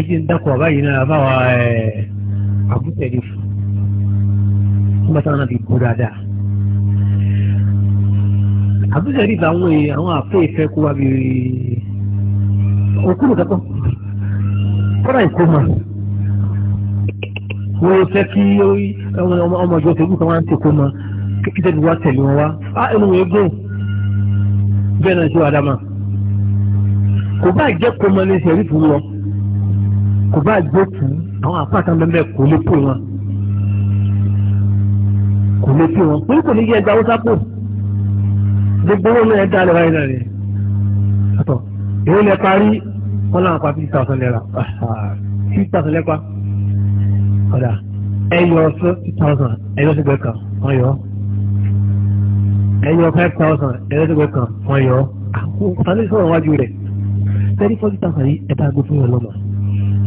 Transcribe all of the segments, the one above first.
ẹjẹ́ ń dákọ̀ báyìí náà báwa àgùntẹ̀lé fún un bá sáwọn àti gbó dáadáa. àgùntẹ̀lé fún àwọn àfẹ́ ìfẹ́ kó wá bíi òkúrò kankan kọ́dà ìkó mà wọ́n fẹ́ kí ọmọ ìjọ tẹ̀lé kan wá ń tẹ̀kọ́ mà kí tẹ̀lé wá tẹ̀lé wọn wá á ẹnu lọ. kò bá jókòó àwọn àpáta mẹ́mẹ́ kò lè pè wọn kò lè pè wọn pé kò ní yẹ ẹgbẹ́ haúsá pò gbogbo owó lóye dá lọ́wọ́ yìí náà rẹ̀ àtọ̀ èyí lẹ parí wọn làwọn pa fifty thousand naira fifty thousand lẹ́pa ọ̀dà ẹ̀yọ fifty thousand ẹ̀yọ sígbẹ́ kan wọ́n yọ ẹ̀yọ five thousand ẹ̀yọ sígbẹ́ kan wọ́n yọ àwọn ọ̀sán lè sọ̀rọ̀ wájú rẹ̀ thirty forty thousand yìí ẹ̀dá gbogbo yẹn lọ́mọ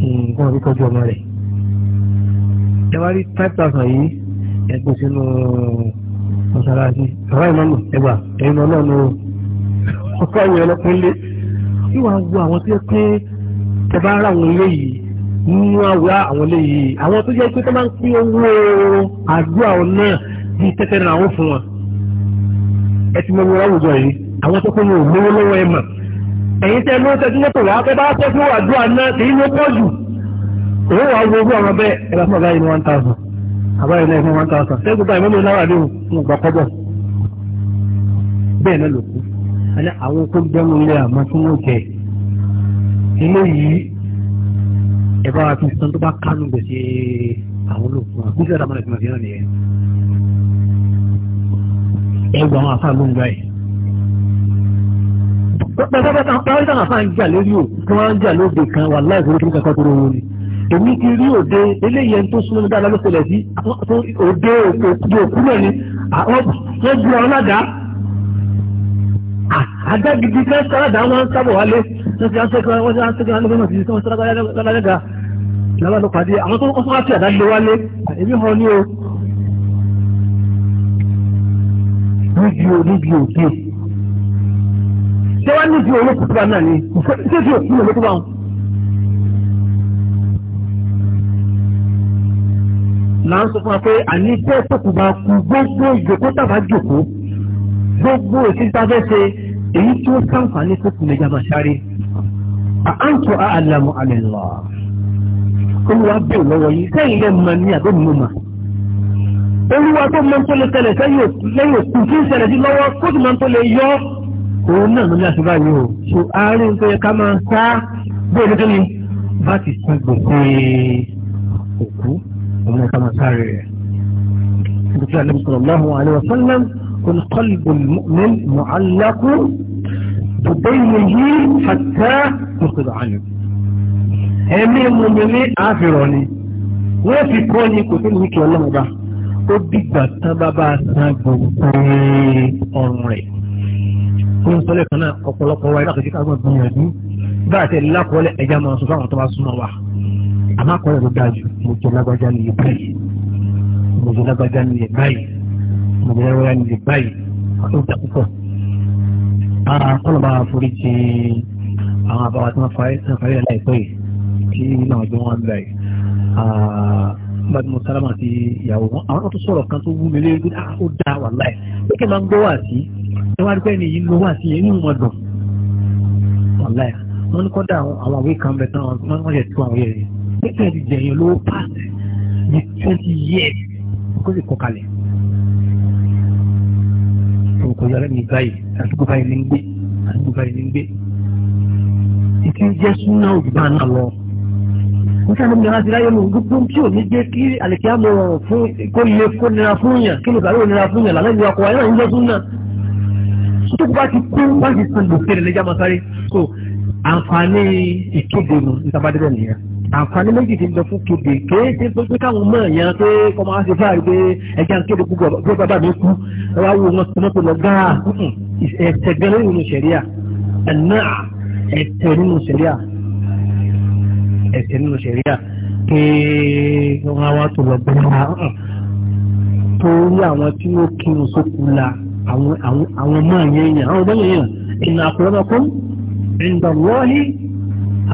nǹkan fi tọ́jú ọmọ rẹ̀ ẹ wá rí five thousand yìí ẹ gbé sínú mọ́ṣáláṣí bàbá ìmọ̀mù ẹgbà ẹ̀yìn ọ̀nà ọ̀nà ọkọ̀ ìyẹn ọlọ́pìn lé ìwà wo àwọn tó yẹ pé tẹ bá rà wọn ilé yìí nínú àwòrán àwọn ilé yìí àwọn tó yẹ pé tó máa ń pín owó àdúrà ọ̀nà bíi tẹ́tẹ́ náà àwọn fún wọn ẹ ti mọ wọ́n àwùjọ yìí àwọn tó kún yóò lówó ẹ̀yin tẹ́ ló tẹ́jú mọ́tò wá tẹ́ bá tẹ́jú àdúrà náà kì í ló pọ̀ jù òun wà gbogbo àwọn bẹ́ẹ̀ ẹ̀rọ fún àbáyé ní one thousand àbáyé náà fún one thousand ṣé gbogbo àìmọ́lò náírà lóhùn fún ọgbà kọ́bọ̀ bẹ́ẹ̀ náà ló kú àní àwọn tó gbẹ́mu ilé àmọ́ tí wọ́n jẹ ilé yìí ẹ bá wa fi sàn tó bá kánú gbèsè àwọn olóògùn àbí sẹ́dá mọ́lẹ̀ tí wọ́n fi hàn nìyẹn ẹ gbọ́ àwọn afáà ló ń gbà yìí pẹ̀lú èmi ti rí òde eléyìí ẹni tó súnmọ́ mi dáadáa ló ṣẹlẹ̀ sí òde òkú òkú náà ni wọ́n gbé ọ ládàá àdá gidi ká sàrádàá wọn sábọ̀ wálé wọ́n ti ránṣẹ́ kan wọ́n ti ránṣẹ́ kan lọ́gbọ́n sí wọ́n sára lálẹ́gà lọ́wọ́ ló pàdé àwọn tó kọ́kọ́ fi àdá lé wálé èmi hàn ní o. níbi o níbi òde ṣé wàá níbi olókùnkùn náà ni ṣé ti òkú olókùnkùn náà là ń sọ fún wa pé àní tẹ́ tọ́kù bá kú gbogbo ìjòkó tàbá jòkó gbogbo èsì tábẹ́ ṣe èyí tí ó sàǹfààní tó kù lẹ́jà máa sáré àǹtò àlàmù àlẹ́lọ́ olúwa bí ò lọ́wọ́ yìí sẹ́yìn lẹ́ mọ ní àbẹ́ mi mà olúwa tó mọ tó lè tẹlẹ̀ lẹ́yìn òkú tí ń ṣẹlẹ̀ sí lọ́wọ́ kó sì mọ tó lè yọ òun náà ló ní àṣìbá yìí o so àárín tó yẹ ká máa sá bóyá lókè ni ọmọ ọmọ sáré rẹ̀. Dùkú àlẹ́ sallallahu alaihi wasallam kun qalbul mu'min mu'allaqun bùbẹ́yìí hatta mùsùlùmí àná. Ẹ̀mí mọ̀mí ní àfihàn ni wọ́n fi kọ́ ni kò sí ní kí ọlọ́run bá ó dìgbà tán bá bá san gbogbo ọrùn rẹ̀. Kó ń sọ́lẹ̀ kan náà ọ̀pọ̀lọpọ̀ wa ẹ̀dá kò sí ká gbọ́n gbìyànjú bá àti ẹ̀lá kọ́lẹ̀ ẹ̀já máa sọ fáwọn tó bá súnmọ́ wa àmọ́ àkọ́rẹ́ ló dáa jù mo jẹ lágbájá ní ilé báyìí mo jẹ lágbájá ní ilé báyìí mo jẹ lágbájá ní ilé báyìí ó dà púpọ̀. ara kọ́nà bá forí ti àwọn àbáwá tí wọ́n parí láìpẹ́ yìí tí nínú àwọn ọjọ́ wọn ń bẹ̀ yìí. bàbá mo sálámà sí ìyàwó wọn àwọn tó sọ̀rọ̀ kan tó wú mi lérí ah, ó dá wà láì pé kí n máa ń gbọ́ wà sí ẹ wá rí pé ẹni yìí ń lo wà sí ẹni ìwọ̀n dùn wà láì wọ́n ní kọ́ da àwọn àwé kan bẹ̀ tán wọ́n ṣe tú àwọn yẹn yìí pẹ́kẹ́ ti jẹ̀yìn lówó pass ní twenty years kó sì kọ́ kalẹ̀. Òkò yàrá mi báyìí, àdúgbò báyìí ní ń gbé, àdúgbò báyìí ní ń gbé. Ìkí jẹ́ súná òjìbá náà lọ. mo sábà ní aláṣẹ láyé lòun gbogbo tí ò ní jẹ́ kí àlèkí àmọ̀ ọ̀rọ̀ fún kó lè kó nira fún yàn kí lùkàrí ò nira fún yàn lálẹ́ ìlú ọkọ̀ ayé ń jẹ́ súná. Sọ́tò bá ti kú bá ti san gbèsè rẹ̀ lẹ́jà máa sáré. So àǹfààní ìkéde nù ní sábàdébẹ̀ nìyẹn àǹfààní méjì ti ń bẹ fún kéde kéde tó pé káwọn mọ̀ yẹn pé kọ́ máa ṣe fáàrí pé ẹja ń kéde gbogbo ọ̀gbẹ́ bàbá mi kú ẹ wá wo wọn tọmọtò lọ gáà ẹsẹ̀ gan lórí nínú sẹ̀ríà ẹ̀nà ẹsẹ̀ nínú sẹ̀ríà ẹsẹ̀ nínú sẹ̀ríà pé wọn wá tó lọ gbọ́dọ̀ torí àwọn tí wọ́n kírun sókun la àwọn mọ̀ yẹn yẹn àwọn ọmọ yẹn yẹn ìnà àpòlọ́mọkún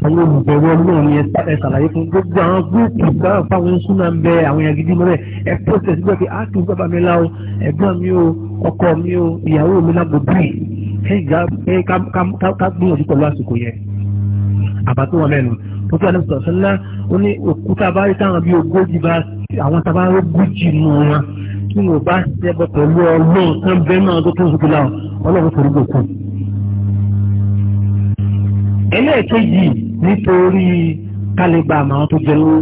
àwọn olùbẹ̀rù ọlọ́run ni ẹ ṣàlàyé fún gbogbo àwọn gúúpù gbáà fáwọn súnà ń bẹ àwọn èèyàn gidi mọ́lẹ̀ ẹ pọ́sẹ̀ síbẹ̀ pé áàkì ah, bàbá mi láwo ẹ̀gbọ́n mi o ọkọ mi o ìyàwó mi lágbòdì ẹ ká gbìyànjú pẹ̀lú àsìkò yẹn àbá tó wọn lẹ́nu tó tó àdébùtọ̀ sọ́lá ó ní òkúta bá rí táwọn bíi ogójì bá àwọn tá a bá rí ogójì nù wọn tí wọn bá ṣẹbọ pẹ̀lú ọlọ́run kan bẹ́ẹ̀ náà tó tó ń sùkú láwọn ọlọ́run forí gbòkú. ẹlẹ́ẹ̀kejì nítorí kálíbà àwọn tó jẹ lówó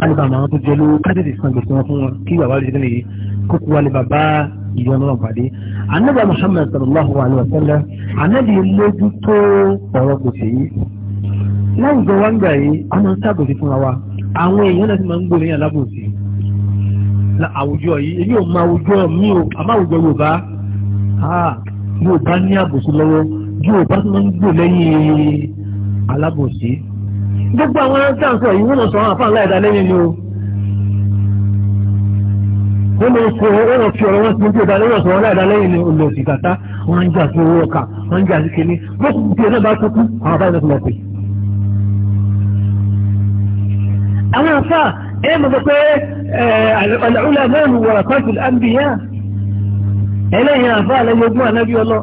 kálíbà àwọn tó jẹ lówó kádìdì san gbèsè wọn fún wọn kí bàbá rẹ̀ ṣẹ́ni yìí kókó wálé bàbá ìyọnu náà pàdé anábà Muhammad sallallahu alayhi wa sallam anábì mójútó ọ̀rọ̀ gbèsè yìí láwùjọ wa ń gbà yìí a máa ń sábòsí fúnra wa àwọn èèyàn náà ti máa ń gbòòrò yàn lábòsí àwùjọ yìí èmi ò mọ àwùjọ mi ò àmọ́ àwùjọ Yorùbá ah, Yorùbá ní àbòsí lọ́wọ́ ju òpá tó máa ń gbò lẹ́yìn alábòsí. gbogbo àwọn ẹ̀ńtà ń sọ yìí wọ́n sọ àwọn àfáà láìda lẹ́yìn ni o. wọ́n lè fi ọ̀rọ̀ wọn fi ọ̀rọ̀ wọn sí ojú ọ̀dà lẹ́yìn ọ̀sán láìda lẹ́yìn ni olè òsì kàtá wọ́n ń jà sí owó ọkà wọ́n ń jà sí kínní bókù bí ẹ̀dá bá tókù àwọn àbáyé náà ti lọ pè. àwọn àfáà ẹ̀ mọ̀ pé ẹ̀ ẹlẹ́yìn àfa àlẹ́yìn ogún ànábì ọlọ́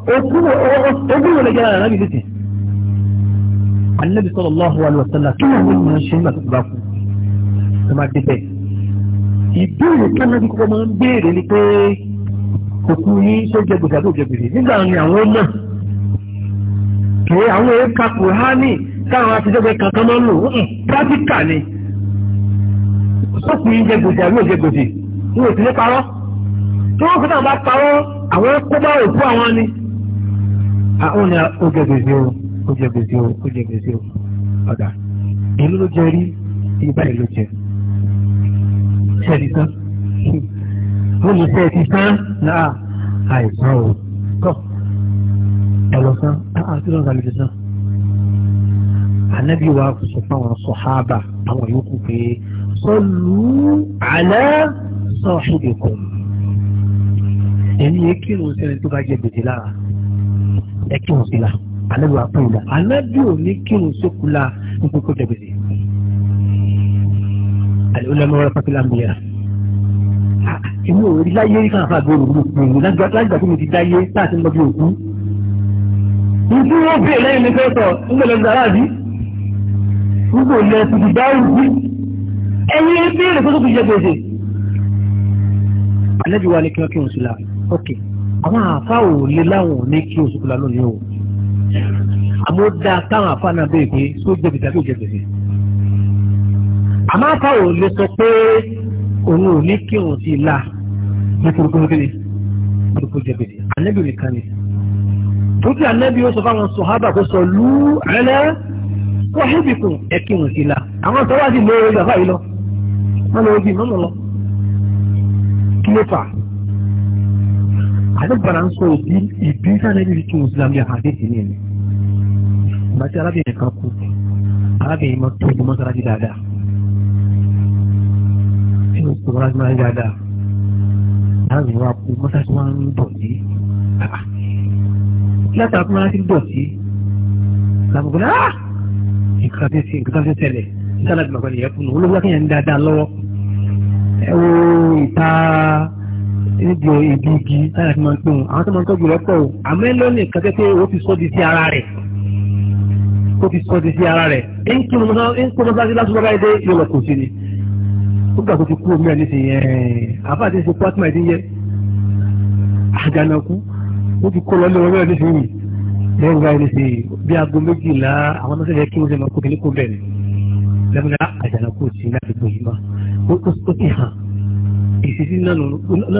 ogún wo lè jẹ́ ànábì títì. kí wọ́n mú un ṣe bá kú máa dé bẹ́ẹ̀. ìbéèrè kí ànábì kọ́kọ́ máa ń béèrè ni pé yín jẹ gbèsè àbí òjẹgbèsè nígbà ni àwọn káwọn kankan máa ń lò ni yín jẹ gbèsè àbí òjẹgbèsè tí wọ́n fi náà bá parọ́ àwọn kó bá òkú àwọn ni. àwọn ni ó jẹ gbèsè o ó jẹ gbèsè o ó jẹ gbèsè o ọ̀dà ìlú ló jẹ rí ibà ìlú jẹ ṣẹ́ẹ̀dì tán ó lè fẹ́ ti náà àìsàn o tọ́ ẹ lọ àti lọ́nà àlejò sán. Ànábì wa kò sọ fáwọn sọ̀hábà àwọn yòókù pé sọ́lù àlẹ́ ẹni ekírun sẹni tó bá jẹ gbèsè lára ẹkírun sí la alẹ́ wà pé ìlà anábì ò ní kírun sókun la nípa kó jẹ gbèsè. àlẹ́ olè mọ́ra pápẹ́lá mi yà èmi ò láyé rí káfá gbé òru òru lágbàtà tó mi ti dáyé láti mọ bí òkú. Ìtú wọn bèèrè lẹ́yìn ní fẹ́tọ̀ ńgbẹ̀lẹ̀ gbàrà bí. Gbogbo ilẹ̀ ti di dáhùn sí. Ẹyin bèèrè tó tó fi jẹ gbèsè. Àlejò wa ni kí wọ́n kí sí láàbù ok àwọn àfa ò lé láwọn ò ní kí oṣù kọlá lónìí o àmọ́ dá táwọn àfa náà bẹ́ẹ̀ pé tó jẹ̀bi tàbí òjẹ̀ gbèsè àmọ́ àfa ò lè sọ pé òun ò ní kí òun ti la nítorí kó kéde nítorí kó jẹ̀bi ànẹ́bí nìkan ni tókì ànẹ́bí ó sọ fáwọn sọ̀hábà kó sọ lú ẹlẹ́ wọ́híbìkùn ẹ̀kí òun ti la àwọn sọ́wọ́dì lóore ìgbà fáyìí lọ wọ́n lọ bí mọ́mọ́ lọ kí ló fà á alẹ́gbàrá ń sọ òbí ìbí sáré ní tún islam ní àdéhì ní ẹ̀mí bàtí arábìnrin kan kú arábìnrin máa tóbi mọ́sálásí dáadáa tí ó tó mọ́sálásí máa ń dáadáa arábìnrin wa kú mọ́sálásí máa ń dọ̀tí látà fún mọ́sálásí dọ̀tí làbùkún náà nǹkan tó ṣe nǹkan tó ṣẹlẹ̀ sálàdì màgbọ́n ìyẹ́kùn olówó akéèyàn ń dáadáa lọ́wọ́ ẹ wo ìta níbi ibi igi táyà fi máa ń tóun àwọn tó máa ń tọ́jú rẹ̀ pọ̀ o àmẹ́lò nìkan pé ó ti sọ́ di sí ara rẹ̀ ó ti sọ́ di sí ara rẹ̀ ń kí wọn ń kó mọ́sáájú láti lọ́ba ẹ̀dẹ́ yóò lọ kò sí ni ó gbà kó ti kú omi ẹ̀ nísìn yẹn àfáà ti ṣe pátímà ẹ̀dín yẹ àjànàkú ó ti kó lọ lé omi ẹ̀ nísìn yìí lẹ́yìn báyìí nísìn yìí bí aago méjìlá àwọn tó ṣẹlẹ̀ kí wọ́n ṣe máa kó kí ní kó bẹ̀rẹ̀ lẹ́mìnira àjànàkú ò ìṣesí náà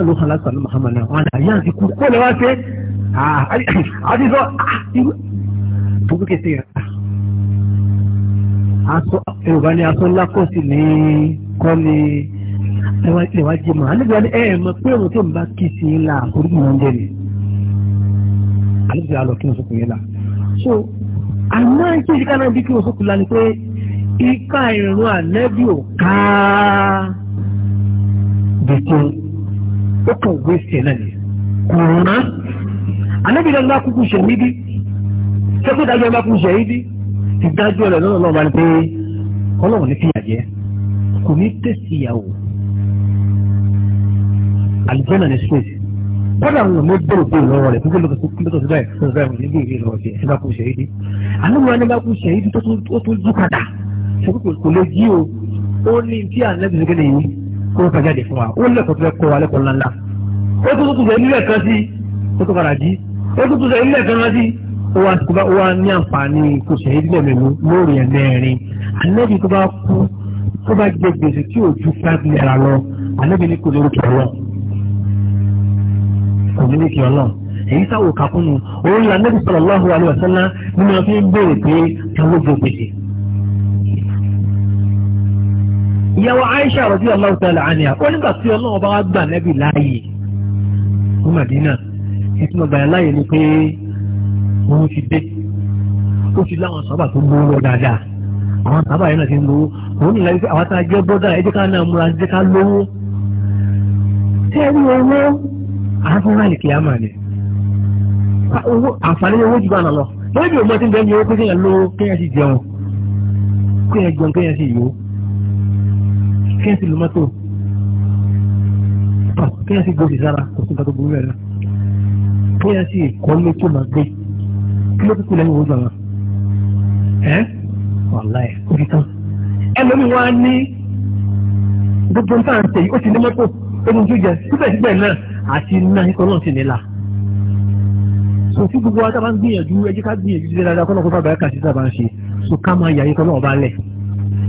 ló hàn látàlú Muhammad náà wọn àyà àti kú kó lè wá ṣe àti sọ ah, tóbi kété rẹ. Yorùbá ni aṣọ ńlá kò sí ní kọ́ ni ẹ wá jẹ mọ́ àlejò ni ẹ mọ̀ pé òun tó ń bá kì í sí ńlá àforí mọ̀ ń jẹ ni àlejò àlọ́ kí n sọ la. so àmọ́ ẹ̀jẹ̀ ìdíkà náà bí kí n sọ la ni pé ika ìrìn ànẹ́bí ò ká gbèsè ó kàn gbèsè náà ni kò rán anábìlẹ̀ ńlá kúkú ṣe ní bí sẹ́kọ̀dájọ́ ńlá kúkú ṣe ní bí ti dájọ́ rẹ̀ lọ́nà lọ́wọ́ ni pé ọlọ́run ní fìyà jẹ kò ní tẹ̀sí ìyàwó àlùjọ́nà ní space kọ́dà àwọn ọmọ bẹ̀rù bẹ̀rù lọ́wọ́ rẹ̀ pípẹ́ lọ́kọ̀ tó báyìí fún ọ̀gá ìwọ̀n nígbà ìrìn lọ́wọ́ sí ẹ̀sìn bá kú ṣẹ̀yìdì àlùmọ́ ẹni bá kú ṣẹ̀yìdì tó tún jí padà ṣe kò lè jí o ó ní tí àlẹ́bìsí kẹ́lẹ́ yìí kó o sàjáde fún wa ó lẹ́kọ̀ọ́ tó fẹ́ kó wa lẹ́kọ̀ọ́ ńláńlá ó tún tún sọ ilé kan sí ó tún padà jí ó tún tún sọ ilé kan sí ó wá tó bá ó wá ní àǹfààní kò sọ ilé mẹ́lú lórí ẹ̀ mẹ́rin ànábì tó bá kú tó bá jẹ gbèsè tí ò ju five naira lọ ànábì ní kò lórí kẹrọ kò ní ní kí ọ náà èyí sáwò kakúnnù òun là ànábì sallallahu alaihi wasallam nínú ọtí ń béèrè pé kẹwọ́ gbèsè ìyàwó Aisha radiyallahu ta'ala anha ó nígbà tí ọlọ́wọ́ bá wá gbà nẹ́bì láàyè fún Madina ìtumọ̀ gbà láàyè ni pé òun ti dé ó ti láwọn sábà tó gbówó lọ dáadáa àwọn sábà yẹn náà ti ń lówó òun nìyà wípé àwọn tá a jẹ́ bọ́dà ẹ jẹ́ ká náà múra ẹ jẹ́ ká lówó tẹ́rí owó àfúnra ìkè àmà ni àǹfààní owó jù bá nà lọ lórí ìgbìmọ̀ tí ń bẹ́ẹ̀ ni owó kẹ́sì lu mọ́tò kẹ́sì gbòdì sára kò sí nǹkan tó burú rẹ̀ náà bóyá sì kọ́ ló tó máa gbé kí ló kúkú lẹ́yìn òwúrọ̀ wọn ẹ́ wàhálà ẹ̀ ó fi tán ẹlòmí wa ní gbogbo nǹkan àǹtẹ̀ yìí ó ti ní mọ́tò ó ní ojú jẹ síbẹ̀síbẹ̀ náà àti iná ikọ̀ náà ti nílà sòtú gbogbo wa tá a bá ń gbìyànjú ẹjẹ́ ká gbìyànjú sí dáadáa kọ́nà kó fà bàyà kà sí sábà ń ṣe so ká máa yà ikọ̀ náà bá lẹ̀.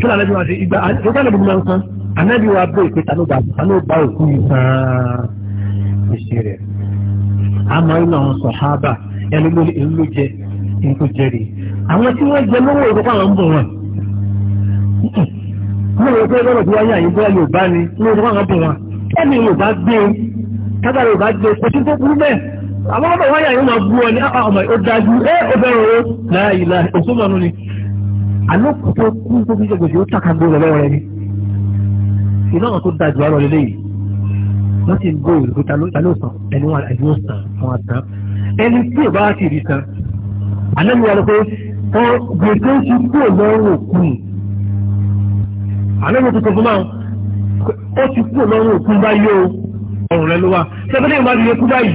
tí lànà lè wọ́n ṣe ìgbà tó sálẹ̀ bí wọ́n san wa bó ìpè tánú òkú yìí sàn ìṣe rẹ̀ àmọ́ inú àwọn sọ̀hábà ẹni ló ń ló jẹ nǹkó jẹrì àwọn tí wọ́n jẹ lówó àwọn ń bọ̀ wọn pé tí ni bọ̀ wọn ẹni Yorùbá gbé Yorùbá gbé kò sí tó burú bẹ́ẹ̀ àwọn ọmọ máa bú ọ ní ah, ọmọ àlòkù tó kú tó fi ṣe gbèsè ó tàkàndó lọ lọ́wọ́ rẹ ni iná kan tó da jù lọ lélẹ́yìí wọ́n ti ń gbó ìlú ta ló sàn ẹni wọn àìní ó sàn fún wa tán ẹni tí ò bá ti rí tán àlẹ́mi wà ló pé gbèsè ń ṣe kúrò lọ́rùn òkú yìí àlẹ́mi tó sọ fún máa ó ti kúrò lọ́rùn òkú báyìí o ọ̀rùn rẹ ló wà sẹ́fẹ́lẹ́ ìwádìí lè kú báyìí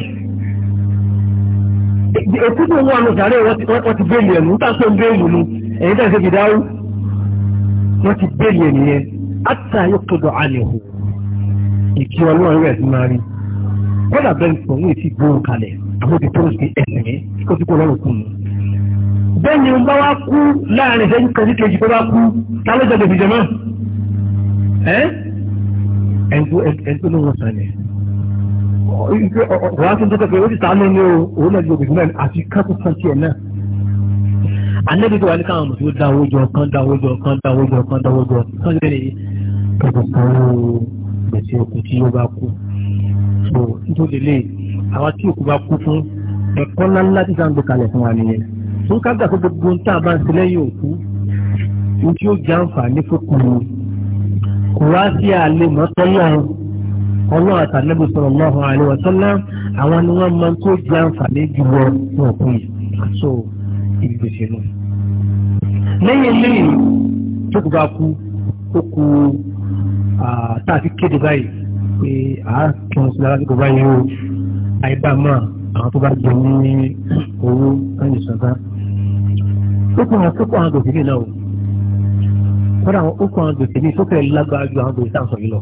èkú tó wà lọ sàárẹ̀ wọ́n ti bẹ́ẹ̀lì ẹ̀mú tá a sọ bẹ́ẹ̀lì nu èyí tẹ̀sí fìdáwù wọ́n ti bẹ́ẹ̀lì ènìyàn átà yóò tó dọ̀ ànìhù ìkí ọlọ́run rẹ̀ sí máa rí kódà bẹ́ẹ̀ sọ wọ́n ti gbóhùn kalẹ̀ àwọn ti tó ṣe ẹ̀sìn mi kó tí kò lọ́rùn kù mí. bẹ́ẹ̀ ni n bá wá kú láàrin ìṣẹ́jú kan sí kejì tó bá kú ta ló jẹ́ ìjọba ẹ́ ẹ̀ńtó ló wọ́n sàn yẹn. ọ̀rọ̀ àti ìjọba pé ó ti sàánú ní o òun náà ti gbogbo ìgbìmọ̀ anẹ́bíkí wà ní káwọn mùsùlùmí dáwó jọ kán dáwó jọ kán dáwó jọ kán dáwó jọ kán lè kẹ̀kọ́ kan gbèsè òkú tí yóò bá kú so nítorí lè àwọn tí òkú bá kú fún ẹ̀kọ́ ńláńlá tí sáà ń gbé kalẹ̀ fún wa nìyẹn tó ká gbà pé gbogbo ń tà bá ń ṣe lẹ́yìn òkú ohun tí ó jẹ́ àǹfààní fókù ni kò wá sí àlè ọlọ́run àtàlẹ́bù sọ̀rọ̀ lọ́hùn àlè wọ̀tọ́lá àwọn ni wọ́n máa tó jẹ́ àǹfààní jùlọ fún òkú yìí so ibi tó ṣe nù. lẹ́yìn lẹ́yìn tó kù bá kú ó kú tá a ti kéde báyìí pé a kí wọn sí lára nípa báyìí o àìbá máa àwọn tó bá jẹ ní owó láyé ìṣọ̀gá. ó kú àwọn tó kú àwọn gòkè náà o kọ́dà àwọn ó kú àwọn gòkè ní sókè lágbára ju àwọn gòkè tá à sọ yìí lọ.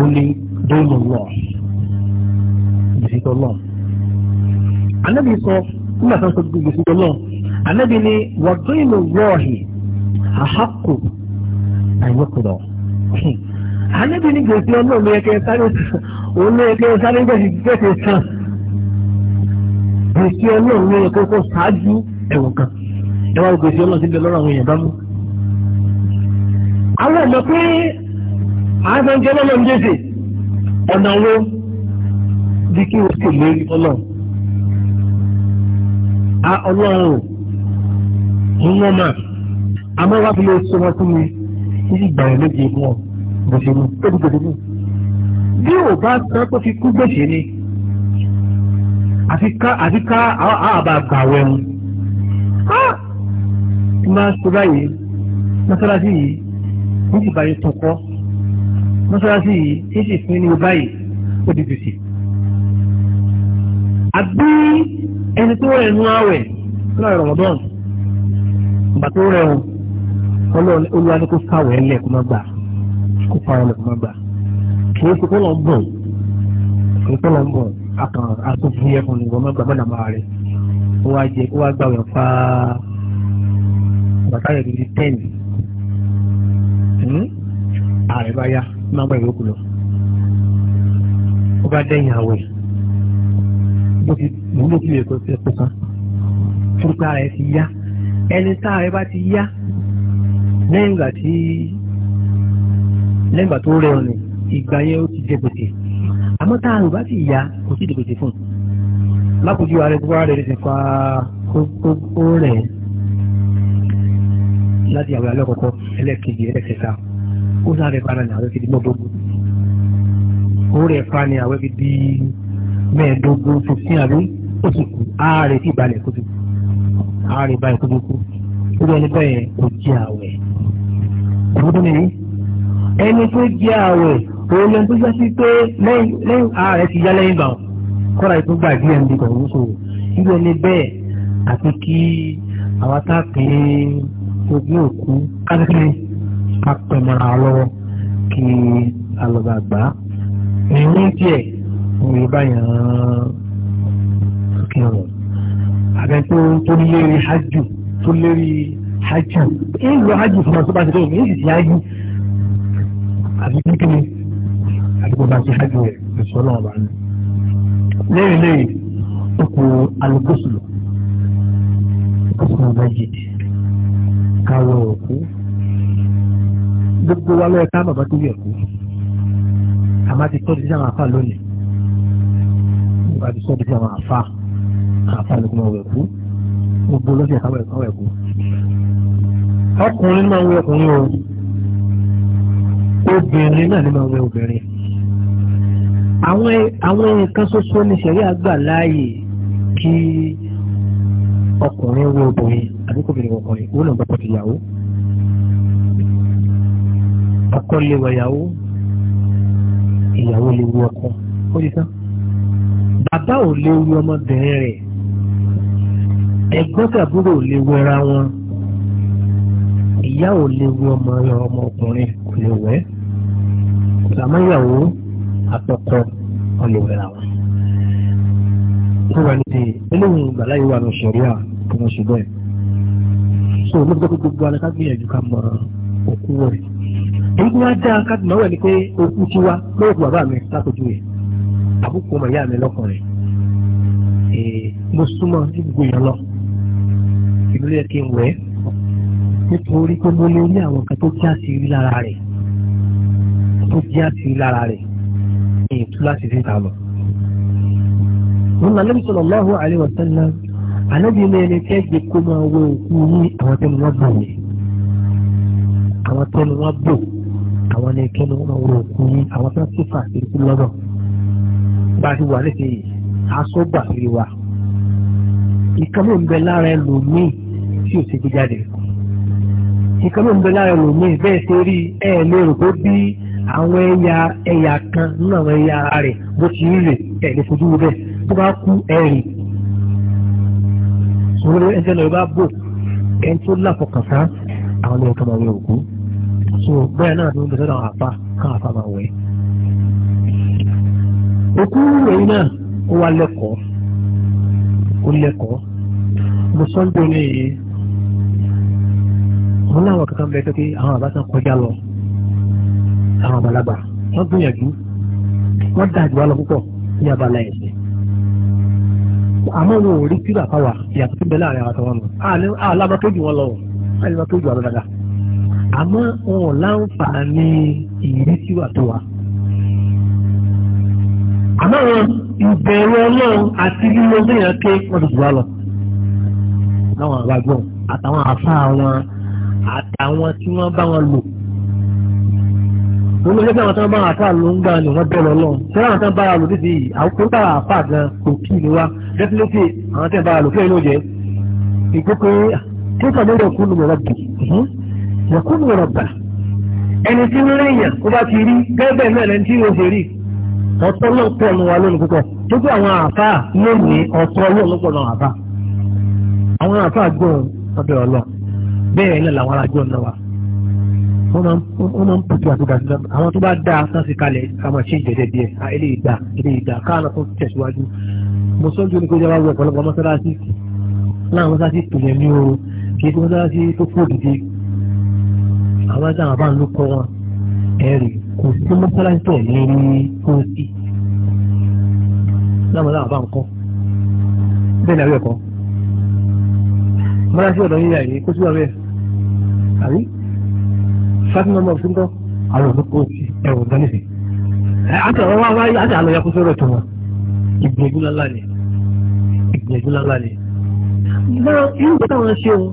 ó ní dóòlù náà ìdìsítọ́ sọ nígbà tó ń sọ gbogbo ìgbésí ọlọ́run ànábì ni wọ́dún ìlú wọ́ọ̀hì àhákù àyọkùrọ̀ ànábì ni gbèsè ọlọ́run ló yẹ kẹ́ sáré òun ló yẹ kẹ́ sáré gbèsè gbèsè sàn gbèsè ọlọ́run ló yẹ kó kó ṣáájú kan ẹ̀wọ̀n gbèsè ọlọ́run ti bẹ àwọn èèyàn bá mú. àwọn ọmọ pé àwọn ọmọ jẹ́ lọ́lọ́ ọ̀nà wo bí kí wọ́n sì lórí ọlọ́run a ọlọ́run ní wọ́n mà àmọ́ wá fi lè sọ wọn fún mi sí ìgbà yẹn méje fún ọ gbèsè mi tóbi gbèsè mi. bí ò bá sọ pé fi kú gbèsè ni àti ká àti ká àbá gbàwẹ̀ wọn. tí máa sọ báyìí mọ́sálásí yìí ní ti báyìí tọkọ mọ́sálásí yìí ní ti fún ní báyìí ó di gbèsè. àbí ẹni tó rẹ̀ nú àwẹ̀ láì rọ̀mọ́dọ́n ìgbà tó rẹ̀ wọn ọlọ́run olúwa ni kò fàwẹ̀ ẹlẹ̀ kó má gbà kó fàwẹ̀ kó má gbà kì í lọ bọ̀ kì í lọ bọ̀ àtúntò yẹ fún mi má gbà rẹ̀ ó wá jẹ ó wá gbà wẹ̀ fà mo ló kí ètò ẹ̀kọ́ kan fúnpa rẹ̀ ti yá ẹni tá rẹ̀ bá ti yá lẹ́yìn ìgbà tí lẹ́yìn ìgbà tó rẹ̀ ọ̀nà ìgbà yẹn ó ti jẹ gbèsè àmọ́ tá rẹ̀ bá ti yá kò sí ìdìgbèsè fún un lápòjú ààrẹ tó wá rẹ̀ ti fa kókó rẹ̀ láti àwọn alẹ́kọ̀ọ́kọ́ ẹlẹ́kejì ẹlẹ́kẹta ó sáré para ní àwọn ẹbí mọ́gbọ́gbọ́ ó rẹ̀ pa ní àwọn ẹbí bíi mẹ́ẹ̀ẹ́dógún fifteen àbí ó ti kú ààrẹ ti balẹ̀ kó ti kú ààrẹ balẹ̀ kó ti kú irú ẹni bẹ́ẹ̀ kò jẹ́ àwẹ̀ ọdún nìyí ẹni tó jẹ́ àwẹ̀ òun lẹ́nu tó jẹ́ sí pé lẹ́yìn ààrẹ ti yá lẹ́yìn báwọn kọ́ra ètò gbà bí ẹni kò ń sòrò irú ẹni bẹ́ẹ̀ àti kí àwa tá a pè é ogún òkú kákiri ká pẹ̀mọ́ra lọ́wọ́ kí alọ́ba gbà tiẹ̀ ní báyàn kí wọn àbẹ tó lérí hajj tó lérí hajj èyí lọ hajj fún wa tó bá ti lóyún èyí ti hajj àbí kíkiri àbí kò bá ti hajj rẹ èso náà bá ní. lẹ́yìn lẹ́yìn ó kú alukóṣùlù kóṣùlù bá jìdì káwọ òkú gbogbo wa lọ́yẹ̀ká bàbá tó yẹ kú àmọ́ ti tọ́jú sí àwọn afá lónìí bá ti sọ́dọ̀ sí àwọn àfa àfa ni kò máa wẹ̀ kú gbogbo lọ́sẹ̀ àfa wẹ̀ kú. ọkùnrin máa ń wẹ̀ ọkùnrin o obìnrin náà ni máa ń wẹ̀ obìnrin. àwọn àwọn nǹkan ṣoṣo ni sẹ̀rí àgbà láàyè kí ọkùnrin wẹ̀ obìnrin àbí kò bìnrin ọkùnrin òun náà bá pọ̀ tìyàwó ọkọ lè wẹ̀ ìyàwó ìyàwó lè wẹ̀ ọkọ ó di tán bàbá ò lè wí ọmọbìnrin rẹ̀ ẹ̀gbọ́n tàbúrò ò lè wẹra wọn ìyá ò lè wí ọmọ rẹ̀ ọmọkùnrin kò lè wẹ̀ sàmáyàwó àtọkọ ò lè wẹra wọn. fúnra ti eléyìí ìgbàlá yìí wà ní sẹ̀ríà kí wọ́n ṣe bẹ́ẹ̀. so ló gbọ́dọ̀ gbogbo alẹ́ ká gbìyànjú ká mọ òkú wẹ̀. èyí tí wọ́n á dá káàdì ni pé òkú ti lóòkù bàbá mi lápòjú yìí àbúkù ọmọ ìyá mi lọ́kùnrin mo súnmọ́ ní gbogbo yẹn lọ ìlú yẹ kí n wẹ̀ nítorí pé mo lè ní àwọn nǹkan tó jẹ́ àṣírí lára rẹ̀ tó jẹ́ àṣírí lára rẹ̀ ní ìtú láti fi ta lọ. wọn náà lẹ́yìn sọ̀rọ̀ lọ́hùn àríwá sẹ́lẹ̀ ànábì ilé ẹni tẹ́ gbé kó máa wọ òkú ní àwọn tẹ́nu wọn bò ní àwọn tẹ́nu wọn bò àwọn ẹni kẹ́nu wọn wọ òkú ní àwọn tẹ́nu sífà sí ikú lọ́dọ̀ bá ti wà nísìnyí asọ́gbà sí wa ìkànnì ń bẹ lára ẹlòmíì tí ò ti gbé jáde ìkànnì ń bẹ lára ẹlòmíì bẹ́ẹ̀ ṣe rí ẹ lérò pé bí àwọn ẹ̀yà ẹ̀yà kan nínú àwọn ẹ̀yà ara rẹ̀ bó ti rí rè ẹ̀ lè fojú bẹ́ẹ̀ tó bá kú ẹ̀rì òun ẹ̀jẹ̀ náà bá bò ẹni tó láfọkànsá àwọn ẹ̀yà kan máa wẹ̀ òkú so bẹ́ẹ̀ náà ló ń bẹ sọ́dọ̀ àwọn àpá káwọn àpá máa wẹ̀ ẹ́ òkú ìròyìn náà ó wá lẹ́kọ̀ọ́ ó lẹ́kọ̀ọ́ mo sọ ń dóni yìí mo láwọn kankan bẹ tó pé àwọn àbá kan kọjá lọ àwọn àbálàgbà wọ́n gbìyànjú wọ́n dà jù wá lọ púpọ̀ ní abala ẹ̀sìn àmọ́ wọn ò rí tíra fáwà ìyàtọ̀ tó ń láàrin àwọn àtàwọn ọmọ àlábà tó jù wọn lọ àlábà tó jù wọn lọ àmọ́ àwọn ìbẹ̀rù ọlọ́run àti lílo bẹ́yàn ké wọ́n ti jù wá lọ. láwọn àgbàgbọ́ àtàwọn àfa wọn àtàwọn tí wọ́n bá wọn lò. wọ́n lọ sẹ́kẹ́ àwọn tí wọ́n bá wọn àfa lò ń gbà ní wọ́n bẹ̀rù ọlọ́run sẹ́kẹ́ àwọn tí wọ́n bá wọn lò dídì àwọn tó ń bá àfa gan kò kí ni wá dẹ́fínẹ́tì àwọn tí wọ́n bá wọn lò fún ẹ̀yìn òjẹ́ ìkókó tí ó kàdé yẹkúnù rọ̀bà yẹkúnù rọ̀bà ẹni tí ń rẹ̀yàn tí ó ọ̀tọ̀ ló ń pọ̀ nù wa lónìí púpọ̀ gbogbo àwọn àfa lónìí ọ̀tọ̀ ló ń pọ̀ nù àfa àwọn àfa gbọ́n ọ̀dọ̀ ọlọ bẹ́ẹ̀ náà làwọn arájọ́ náà wa wọ́n máa ń pùtù àti gàdúrà àwọn tó bá dá sáà sí kalẹ̀ ká máa ṣe ìjẹ́jẹ́ díẹ̀ ilé ìgbà ilé ìgbà káàlà tó tẹ̀síwájú mo sọ́jú ní kójú àwọn ọ̀pọ̀lọpọ̀ mọ́sálásí láwọn mọ́sálásí tó yẹ ní o kí mọ́sálásí tó fò dìde àwọn ajá àwọn bá ń lókọ wọn ẹ̀rì kò sí mọ́sálásí tó ní ní fóòsì láwọn láwọn bá ń kọ́ bẹ́ẹ̀ ni àwọn ẹ̀kọ́ mọ́sálásí ọ̀dọ́ yíyá yìí kó sí wà bẹ́ẹ̀ àbí fatima mọ̀ fún kọ́ àwọn ọ̀dọ́ kò sí ẹ̀wọ̀n gan nísì àti àwọn wáwá yìí àti àlọ́ yakú sọ̀rọ̀ tó wọn ìgbìyànjú lálá ni ìgbìyànjú lálá ni. bọ́lá irú ìgbà táwọn ṣe òun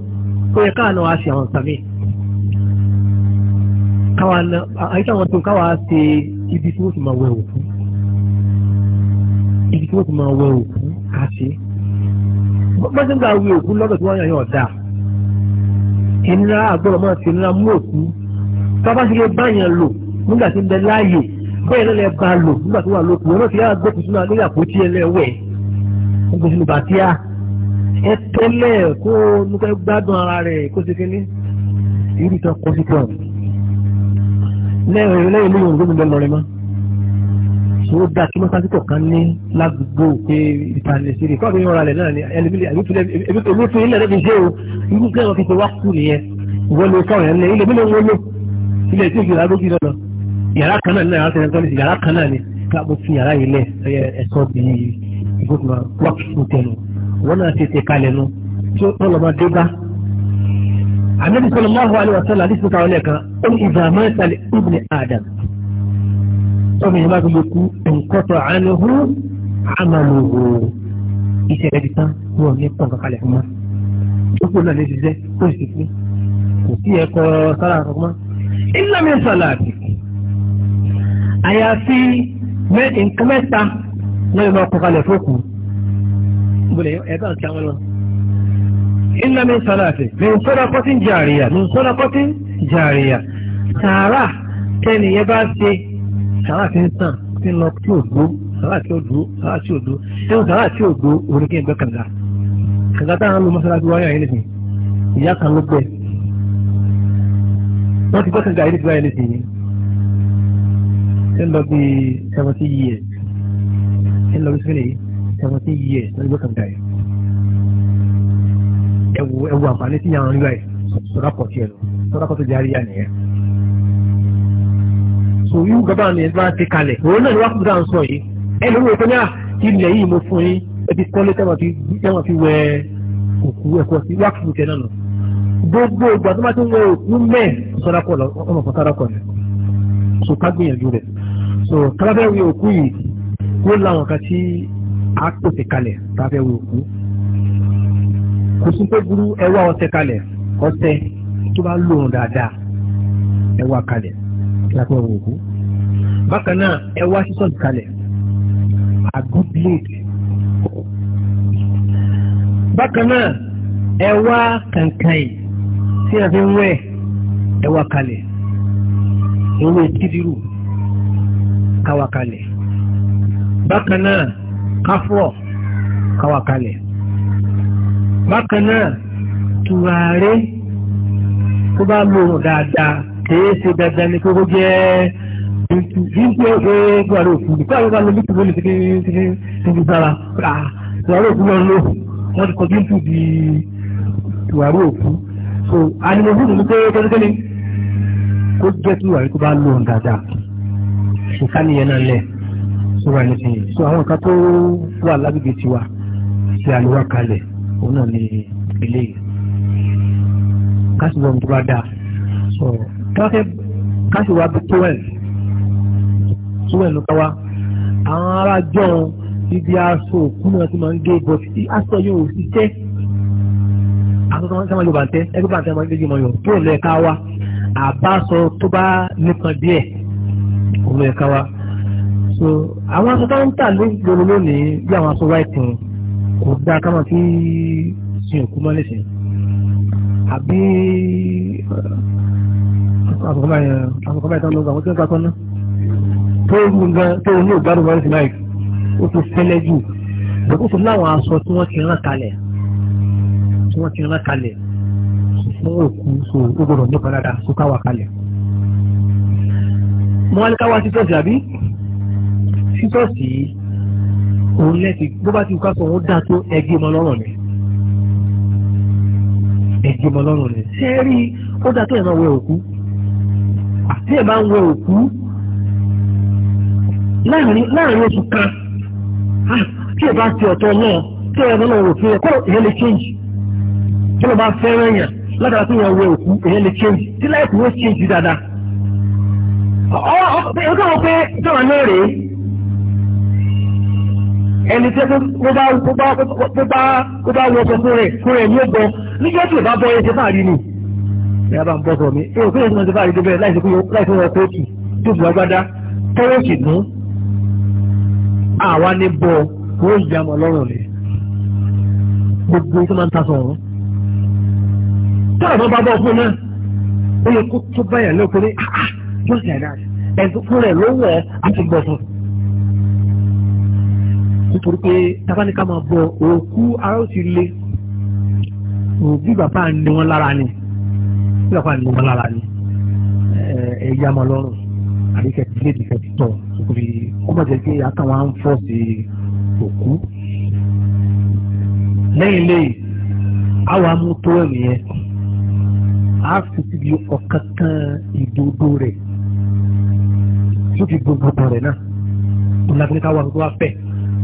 ó yẹ káà náà wá ṣe àwọn nǹkan káwa ná àyíká àwọn tó káwa ṣe ibi tí wọ́n ti máa wẹ òkú ibi tí wọ́n ti máa wẹ òkú ká ṣe bọ́sẹ̀ ń gba wẹ òkú lọ́dọ̀ tí wọ́n yàn yàn ọ̀dà ìnira àgbọ̀rọ̀ máa ṣe ìnira mú òkú bàbá ṣe lè báyàn lò nígbà tí ń bẹ láàyè bẹ́ẹ̀ náà lè ba lò nígbà tó wà lókù ẹ̀ náà ti yára gbé kùsùn náà nígbà kó tí ẹ lẹ́wẹ̀ gbogbo sínú bàtíà ẹ tẹ́lẹ̀ kó nukẹ́ gbádùn ara rẹ̀ kó ṣe kíní irú ìtàn lẹ́yìn lẹ́yìn lóyún òǹgbò mi lọ lọ́rẹ́ mọ́ ó dá kí mọ́sáàsì kọ̀ọ̀kan ní ládùúgbò pé ìtànìsírì kọ́ọ̀dù yóò ralẹ̀ náà ni ẹlẹ́mìlẹ̀ olófin ilẹ̀ rẹ̀ fi ṣe o irú kẹ́rọ fi ṣe wá kú nìyẹn wọ́n lè sọ̀rọ̀ ẹ̀lẹ́ ilẹ̀ mílẹ̀ wọ́n lò ilẹ̀ tí ìgbìyànjú agbógi lọ́nà yàrá kan náà náà ṣe ẹ̀kọ́ yàrá kan náà ni káàbọ̀ fi yàrá yìí lẹ̀ ẹ̀sọ́ bí ìgbókùnmá wákìtì tẹnu wọ́n náà ṣe tẹ̀ kalẹ̀ nu tí ó tọ́lọ́ anabi sallallahu alayhi wa sallam àdìsí káwọn lẹ́ẹ̀kan ó ní ìgbà máa ń sàlẹ̀ ibùdó adam ọmọ yẹn bá tó lè kú nkọ́tọ̀ àánihù àmàlùhù ìṣẹ̀lẹ̀ ti tán wọn ní pọ̀ kankalẹ̀ fún wa ìjókòó náà lè ṣiṣẹ́ kó sì fi kò sí ẹ̀kọ́ sára kankan mọ́ ìlànà ìsàlàdì àyàfi nǹkan mẹ́ta lọ́yìn máa kọ̀kalẹ̀ fókùn. ìbúlẹ̀ ẹ̀ka ọ̀kẹ́ àwọn lọ́wọ́. إلا من صلاته من صدقة جارية من صدقة جارية سارة كان يباسي سارة إنسان في الوقت يوضو sàrà tí ó dúró sàrà tí ó dúró ẹnu sàrà tí ó dúró òní kí n gbẹ kànga kànga táwọn ló mọ́sálásí wáyà yẹn nìsín ìyá kan ló gbẹ wọ́n ti gbẹ kànga yẹn nìsín wáyà nìsín yẹn ṣé ń lọ bí seventy years ṣé ń lọ bí seventy years seventy years wọ́n ti gbẹ kànga yẹn ẹwù ẹwù àǹfààní tí yàrá ń rí báyìí sọdá kọ tiẹ̀ lọ sọdá kọ tó di àríyá nìyẹn. so irú bàbá mi ẹ̀ bá ti kalẹ̀ òun náà ni wàá kúndà ń sọ yìí ẹ lórí òkú náà ilẹ̀ yìí mo fún yín ẹ ti kọ́lé tẹ́wọ̀n fi wẹ òkú ẹ̀kọ́ sí wàá kúndà náà nù gbogbo ìgbà tó bá ti ń wọ òkú mẹ́ẹ̀ sọdá kọ lọ ọmọ kan sọdá kọ ni so ká gbìyànjú rẹ̀ so tábàfẹ́ wí òkú yìí kó kò sí pé burú ẹ wá ọṣẹ kalẹ̀ ọṣẹ tó bá lòun dáadáa ẹ wá kalẹ̀ láti ọ̀rọ̀ òkú. bákan náà ẹ wá sísọ̀ kalẹ̀ àgọ́ blade. bákan náà ẹ wá kànkàn yìí tí a fi ń wẹ̀ ẹ wá kalẹ̀ ewé kídìrú káwa bákan náà káfọ́ káwa kalẹ̀ bákan náà tùràrí tó bá lò dáadáa kìí ṣe dandan ní kókó jẹ́ bíńkì ọ̀gbẹ́ gbọ́dọ̀ òkú nípa àwọn bá lọ bí tùbọ́lì ti fi sára tùràrí òkú lọ lò wọ́n ti kọ́ bíńkì di tùràrí òkú so ànìmọ̀ fún mi pé kẹ́kẹ́ni kó jẹ́ tùràrí tó bá lò dáadáa ṣùkà nìyẹn náà lẹ̀ sọ̀rọ̀ àyẹ̀fẹ̀ so àwọn kan tó wà lágbègbè tiwa ṣe àlùwà kalẹ̀ òun náà ni ilé yìí kásìwọ̀n tó bá dáa sọ káfẹ́ kásìwọ̀ abẹ́ tówẹ̀l tówẹ̀l ló káwá àwọn ará jọ̀ọ́ ibi aṣọ òkú náà ti máa ń gé bọ̀ tí aṣọ yóò ṣiṣẹ́ aṣọ tó máa ń sábà yóò bá ń tẹ́ ẹgbẹ́ bá ń máa ń gbé jùmọ̀ yọ̀ tó lẹ̀ ká àbáṣọ tó bá nípa díẹ̀ òun lẹ̀ ká àwọn aṣọ tó ń tà lónìí bí àwọn aṣọ wáìtì kò dá kámọ̀ tí sin òkú mọ́ lẹ́sìn àbí eh, àkọ́kọ́ báyìí tán ló gba àwọn tí wọ́n gbà tán náà tó ń gan tó ń ní ògbádùn mọ́ lẹ́sìn báyìí ó ti fẹ́lẹ́ jù bẹ́ẹ̀ kó tó láwọn aṣọ tí wọ́n ti rán kalẹ̀ tí wọ́n ti rán kalẹ̀ fún òkú so ó gbọ́dọ̀ nípa dáadáa so káwa kalẹ̀ mo wá ní káwa títọ́sì àbí títọ́sì yìí òun lẹ́sì bó bá ti wù ká sọ òun dà tó ẹgbẹ́ ọmọ lọ́rùn ni ẹgbẹ́ ọmọ lọ́rùn ni ṣé rí ó dà tó ẹ̀ máa wẹ òkú àti ẹ̀ máa ń wẹ òkú láàrin oṣù kan tí ẹ bá ti ọ̀tọ̀ náà tí ẹ bá náà wò fún ẹ kọ́ ìyẹn lè change tí wọ́n bá fẹ́ràn yàn látara tó yàn wẹ òkú ìyẹn lè change tí láìpẹ́ wọ́n change dáadáa. ọ̀ọ́ ọ̀ọ́ ọ̀ọ́ pé ọ̀gá wọn pé jọ̀wọ́ náà rèé ẹni tí ó bá wọ́pọ̀ fún rẹ̀ fún rẹ̀ yóò bọ̀ níjọ́ tí ò bá bọ́ ẹsẹ̀ fàárí ni ẹ bá ń bọ́ sọ mi ẹ ò fẹ́rẹ̀ sí ọjọ́ fàárí débẹ̀ láìsí fún ọkọ̀ òkì tó bu agbádá tọ́wọ́ sì mú àwa ní bọ́ ó yà mọ́ lọ́rùn ni gbogbo tó máa ń ta sọ̀rọ̀ tí àwọn bá bọ́ fún náà ó yẹ kó tó báyà lọ́kùnrin ah ah just like that ẹ̀ fún rẹ̀ ló wọ̀ á ti gbọ̀ sọ̀rọ̀ nítorí pé tábánikà máa bọ òkú ara ó ti le bàbá ni wọn lára ni bí bàbá ni wọn lára ni ẹ yá máa lọ́rùn àríkẹ́ tilé ìdíkẹ́ tọ̀ nítorí kọ́mọ̀jẹ pé àtàwọn á ń fọ́ sí òkú lẹ́yìn lẹ́yìn àwọn amútó ẹ̀mìyẹn á fi síbi ọ̀kan kan ìdodo rẹ̀ tó fi gbogbo rẹ̀ náà ìlànà káwọn tó wá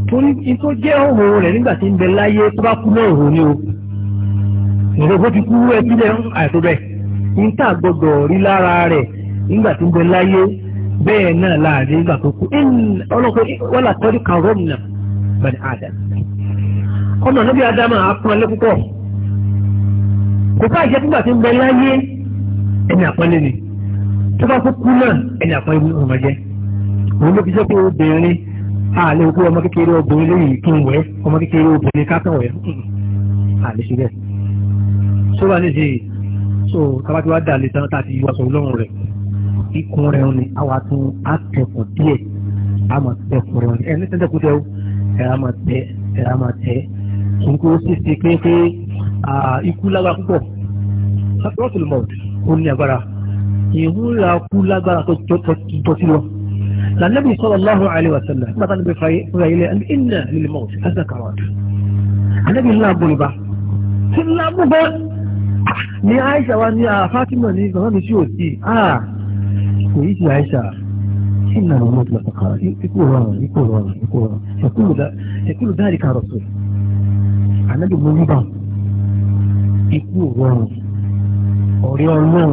torí in je jẹ́ ohun rẹ̀ nígbà tí ń bẹ láyé tó bá kú náà ni o ìrògbó ti kú ẹ sílẹ̀ àìtó bẹ́ẹ̀ in tá gbọdọ̀ rí lára rẹ̀ nígbà tí ń bẹ láyé bẹ́ẹ̀ náà láàrin nígbà tó kú ọlọ́pẹ́ wọ́n là tọ́jú kan rọ́mùnà bani adam ọmọ níbi adama apọ́nlé púpọ̀ kò bá jẹ́ nígbà tí ń bẹ láyé ẹni àpọ́nlé ni tó bá kú náà ẹni àpọ́nlé àlè òkú ọmọ kékeré obìnrin lẹ́yìn kí n wẹ̀ ọmọ kékeré obìnrin kákan wẹ̀ àlè ṣe bẹ́ẹ̀. tó bá níṣe so tabati wa dà lè tán tá a ti wàṣọ ọlọ́run rẹ̀ ikùn rẹ̀ ni àwa tún á tẹ̀kùn díẹ̀ a máa tẹ̀ kùn rẹ̀ ẹ̀ ní tẹ́tẹ̀kùn tẹ̀ o ẹ̀ a máa tẹ̀ ẹ̀ a máa tẹ̀ nǹkan ó sì ṣe pé pé ikú lágbára púpọ̀ rọ́ọ̀tì lọ́mọ̀ọ́dì ó ní agbára ìhùn ra kú lágbára tó jọ sí lọ lànàbì sallallahu alaihi wasallam nígbàtà níbi fúra ilẹ̀ iná lílẹ̀ mọ́ ti ẹsẹ̀ kàwọ́t ànábì ńlá bùrùbá tí ńlá bùbá ní Aisha wa ní Fatima ní bàbá mi sí òsì ah kò yí ti Aisha iná ló mọ́ ti ẹsẹ̀ kàwọ́t ikú rọrùn ikú rọrùn ikú rọrùn ẹkúlù dáàrí kàrọ̀ sọ ànábì mọ́ níbà ikú rọrùn ọ̀rẹ́ ọlọ́run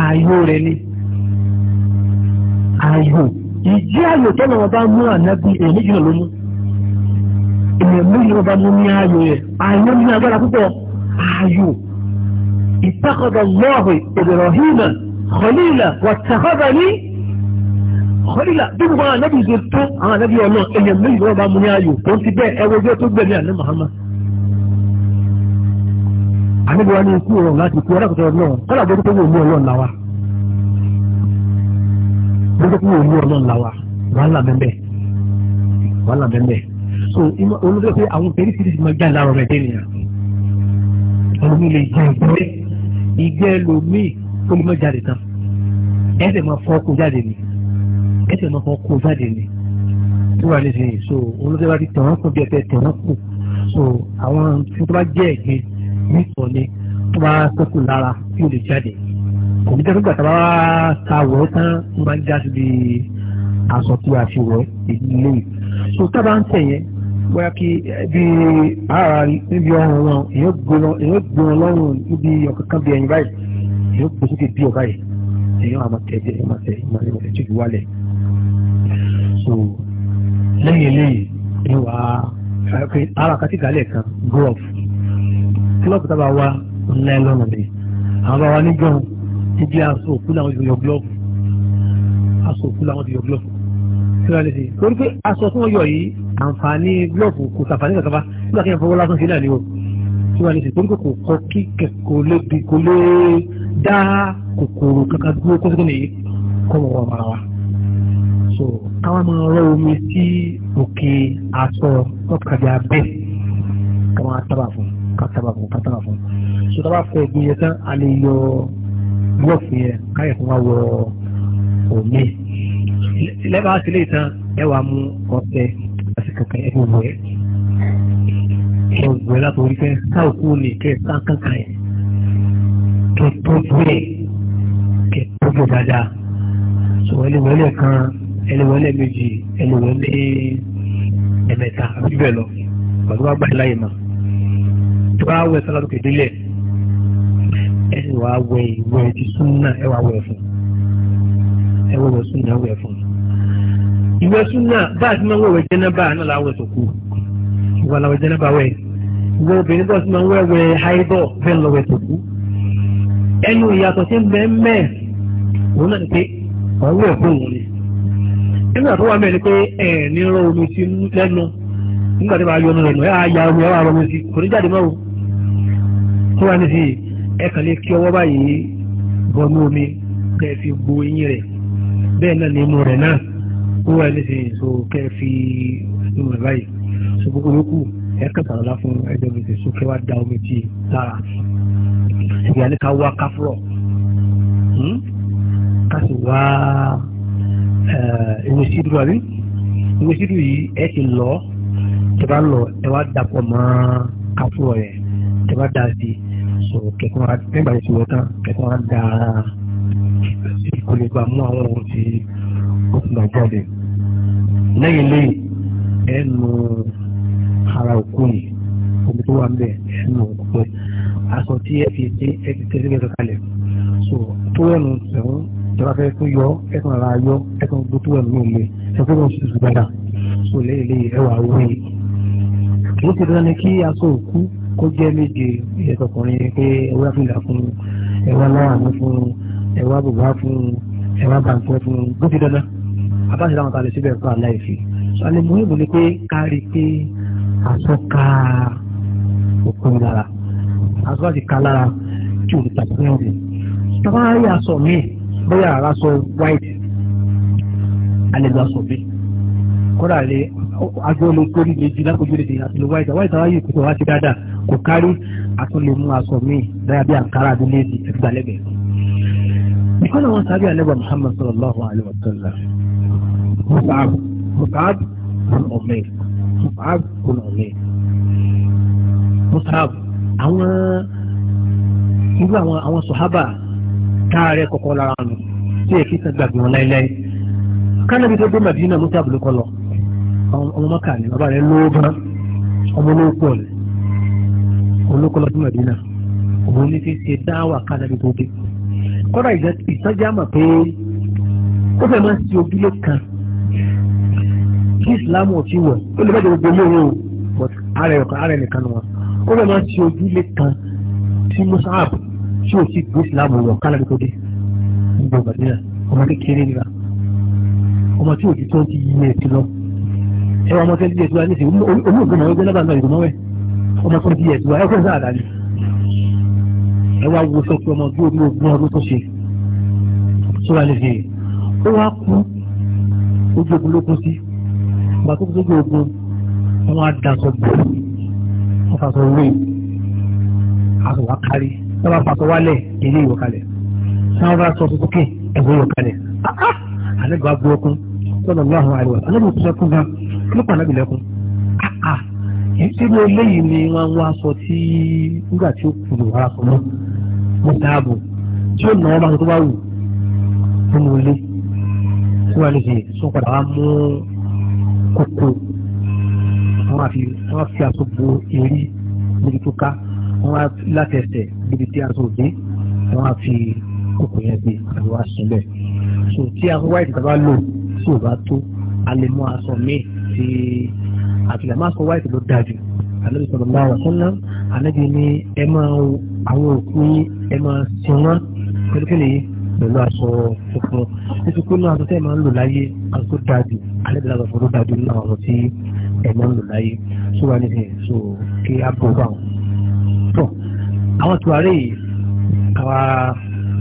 ààyò rẹ̀ ni ààyò ìjí ààyò tọ́lọ̀ wọn bá mú ànábì èyí jùlọ ló mú ènìyàn méjì wọn bá mú ní ààyò rẹ̀ ààyò ní agbára púpọ̀ ààyò ìtàkọ̀dọ̀ lọ́ọ̀hìn ìbẹ̀rọ̀hìnà kọ̀lílà wàtàkọ̀dọ̀ ní kọ̀lílà bí gbogbo àwọn ànábì ìṣe tó àwọn ànábì ọlọ́ọ̀ ènìyàn méjì wọn bá mú ní ààyò tó ti bẹ́ẹ̀ ẹwọ́jọ́ tó gbẹ̀mí àná Muhammad àníbi wọn ní ikú ọ̀rọ̀ láti ikú ọlọ́kùnrin ọ̀rọ̀ náà kọ́lá bójú tó wù mú ọlọ́run làwà bójú tó wù mú ọlọ́run làwà wàhálà bẹ́ẹ̀ wàhálà bẹ́ẹ̀ so olùdó pé àwọn pẹ̀lísìtìsì máa jáde láàrọ̀ rẹ̀ dẹ́nìyà ọlọ́run lè jẹ ìgbẹ́ ìgbẹ́ lomi tó lè má jáde tán ẹsẹ̀ máa fọ́ kó jáde ni ẹsẹ̀ máa fọ́ kó jáde ni tí wàá lè sìn so olùdó bá ti tẹ̀wọ́n kù bí ẹ so àwọn tí wọ́n bá jẹ́ ẹ̀gbin nìkan ni tó bá sẹ́kù lára tí o lè jáde kò ní jẹ́ pípa tàbá ta wọ̀ tán ó máa ń já síbi aṣọ tí a fi wọ̀ èyí lè so tábà ń tẹ̀ yẹn bóyá kí bí ara níbi ọrùn wọn èyàn gbóná lọ́rùn níbi ọ̀kankan bí ẹyin báyìí èyàn gbó sókè bí ọ̀gá yìí èyàn àmọ́ tẹ̀ ẹ̀jẹ̀ ìmọ̀ tẹ̀ ìmọ̀ tẹ̀ ìmọ̀ tẹ̀ ìmọ̀ wálẹ̀ so lẹ́yìn eléyìí ni wàá ara kan ti gàlẹ̀ kan groove kílọ̀bù tábà wa ńlá lọ́nà bẹ́ẹ̀ àwọn bá wa níjọ́ ibi aṣọ òkú làwọn yóò yọ gílọ̀bù aṣọ òkú làwọn yóò yọ gílọ̀bù kí wọ́n lè ṣe torí pé aṣọ tí wọ́n yìí àǹfààní gílọ̀bù kò sàǹfààní kankan bá nígbà kéèyàn fọwọ́ lásán sí náà ni o kí wọ́n lè ṣe torí pé kò kọ́ kí kò lè kò lè dá kòkòrò kankan dúró kó sókè nìyí kó mọ̀ wọ́n mara wa so káwọn máa rọ omi sí òkè aṣọ ọkàdé abẹ́ káwọn á sábà fún un kátàbà fún kátàbà fún so tá a bá fọ ògùn yẹn tán a lè yọ wọ́ọ̀fù yẹn káyọ̀ fún wa wọ òmí lẹ́bàá sí lè tán ẹ wàá mú ọ̀tẹ̀ àti kẹ̀kẹ́ ẹ fún wẹ̀ ẹ wẹ̀ látòrí pé káòkú ni kẹ́ ẹ sá kankan yẹn kẹ́ ẹ tó wẹ̀ kẹ́ tó wẹ̀ dáadáa so ẹlẹ́wẹ̀lẹ́ kan ẹlẹ́wẹ̀lẹ́ méjì ẹlẹ́wẹ̀lẹ́ ẹ̀mẹ́ta àbí bẹ́ẹ̀ lọ pàtó wàá gbà láyè náà. tó bá wẹ̀ sọ́lá délẹ̀ ẹ sì wá wẹ ìwẹ̀ ti súnà ẹ wá wẹ̀ fún ẹ wẹ̀ wẹ̀ súnà ẹ wẹ̀ fún. ìwẹ̀ súnà bá a ti máa ń wẹ̀wẹ̀ jẹ́nẹ́bà náà láwẹ̀ sọ̀kù ìwà làwẹ̀ jẹ́nẹ́bà wẹ̀ ìwẹ̀ obìnrin bọ̀ sí máa ẹnu ìyàtọ̀ mẹ́mẹ́ yọ rẹ̀ ẹ̀ wà sí kò ní jáde mọ́ o. tó wá níbi ẹ̀kan lè kí ọwọ́ báyìí bọnú omi kẹ́ fi gbo eyín rẹ̀ bẹ́ẹ̀ náà ní imú rẹ̀ náà ó wà níbi so kẹ́ fi inú báyìí so gbogbo yòókù ẹ̀kan sàrọ̀lá fún ẹgbẹ́ mi ti so kẹ́ wá da omi tí lára ìyá ní ká wá káfúrọ̀ hmm? ká sì wá ìwé eh, sídùú àbí ìwé sídùú yìí ẹ ti lọ ẹ bá lọ ẹ wá dàpọ̀ mọ́ káfúrọ̀ yẹn ẹ bá dà sí i so kẹ̀kọ́ nígbà tí wọ́n tán kẹ̀kọ́ á da ìkọlẹ̀gbà mú àwọn ohun tí ó ti gbà jáde lẹ́yìn lẹ́yìn ẹnu ara òkú yìí omi tó wà ń bẹ̀ ẹnu òkú pẹ́ aṣọ tí ẹ fi ṣe ẹ ti tẹ́lẹ̀ mẹ́ta kalẹ̀ so tó wẹ̀nu sẹ̀wọ́n tọ́lá fẹ́ tó yọ ẹ̀kan ara yọ ẹ̀kan gbogbo tó wẹ̀nu náà lé ẹ̀kọ́ náà ṣe ṣùgbọ́n dà so lẹ́yìn lẹ́yìn ẹwà wẹ̀ kì í ṣe dandan kí aṣọ òkú kó jẹ́ méje ìyẹn tọkùnrin ni pé ẹwà fìlà fún ẹwà láwàní fún ẹwà bùbá fún ẹwà bàǹkẹ́ fún bó ti dandan àbáṣe láwọn kalẹ̀ síbẹ̀ fún aláìfi sọlẹ̀ mú ìbò ni pé kárí pé àsọ̀ka òkun lára àsọ̀ka ti ka lára kí òun tàbí ní ọ̀dẹ̀ tọ́wọ́ ayé aṣọ mi bóyá aṣọ white alẹ́ lọ aṣọ mi kódà lé agbọ́n lè kórì lè jí lápòjú lè dènà àtúlò wáìtà wáìtà wáyé kò wá sí dáadáa kò kárí àtúnlò aṣọ míì dára bí àǹkárá abúlé wọn sábẹ́ àlẹ́bà Muhammad sallallahu alayhi wa sallam Mus'ab Mus'ab kun Umayr Mus'ab kun Umayr Mus'ab àwọn irú àwọn àwọn sọ̀hábà táàrẹ kọ̀kọ́ lára nù tí láéláé tó dé ló kọ́ lọ. ọmọ mọ́kà ni bàbá rẹ̀ lówó gan ọmọ olówó pọ̀ ni olókọ́ lọ́dún mẹ́dínà òun ní fi ṣe dáwà kánàbí tó dé kọ́dà ìsọjí àmọ̀ pé ó fẹ́ máa ṣe ojúlé kan kí ìsìlámù ọ̀tí wọ̀ ó lè bẹ́ẹ̀ gbogbo olówó o but ààrẹ ọ̀kan ààrẹ nìkan wọn ó fẹ́ máa ṣe ojúlé kan tí musab tí ò sì gbé ìsìlámù wọ̀ kánàbí tó dé gbogbo mẹ́dínà ọmọ kékeré nira ọmọ tí òjú tó ń ti yí ẹ̀ ti lọ ẹ ọmọ twenty years wa níṣẹ́ olóògbé náà ọgbẹ́ lábàá náà ìgbọ́mọ́wẹ́ ọmọ twenty years wa ẹgbẹ́ sáà dání ẹ wá wo sọ pé ọmọ bí omi ogún ọdún tó ṣe sọ́ra lè ṣe ó wá kú ojú ogun ló kú sí ìgbà tó kú sójú ogun wọn á daṣọ bò wọn fàṣọ wé aṣọ wa kárí wọn bá fàṣọ wálẹ̀ èyí ìwọ kalẹ̀ táwọn bá sọ sókè ẹ̀wọ̀ ìwọ kalẹ̀ àlẹ́ bá bu ọkùn sọ́dọ̀ lọ́hùn àríwá alẹ́ bí o ti sọ fún gan lọ́pàá náà bìlẹ̀kùn ìṣẹ́lú ah, ah. eléyìí ni wọ́n wá sọ tí nígbà tí ó kù lò wá sọ náà mo dáàbò tí ó nà ọ́ máa tó bá wù nínú ilé tí wọ́n lè fi sọ padà wá mú kókó wọ́n á fi wọ́n á fi aṣọ bo eré níbi tó ká wọ́n á láti níbi tí aṣọ òde wọ́n á fi kókó yẹn gbé àti wọ́n á sùn so tí aṣọ wáìtì tàbá lò tí ò bá tó a lè mú aṣọ míì àti àtìlẹ̀ máa sọ wáìtì ló dájú ànábì sọ̀rọ̀ máa wà sọ́nà ànábì ní ẹ máa àwọn òkú ẹ máa sin wọn pẹ̀lú kí nìyí pẹ̀lú aṣọ funfun títí kó náà aṣọ tẹ́ ẹ máa ń lò láyé aṣọ tó dájú ànábì láti aṣọ tó dájú nínú àwọn tí ẹ máa ń lò láyé tó wà nísìnyí so kí á bọ̀ bá wọn. tó àwọn tùwárí yìí káwa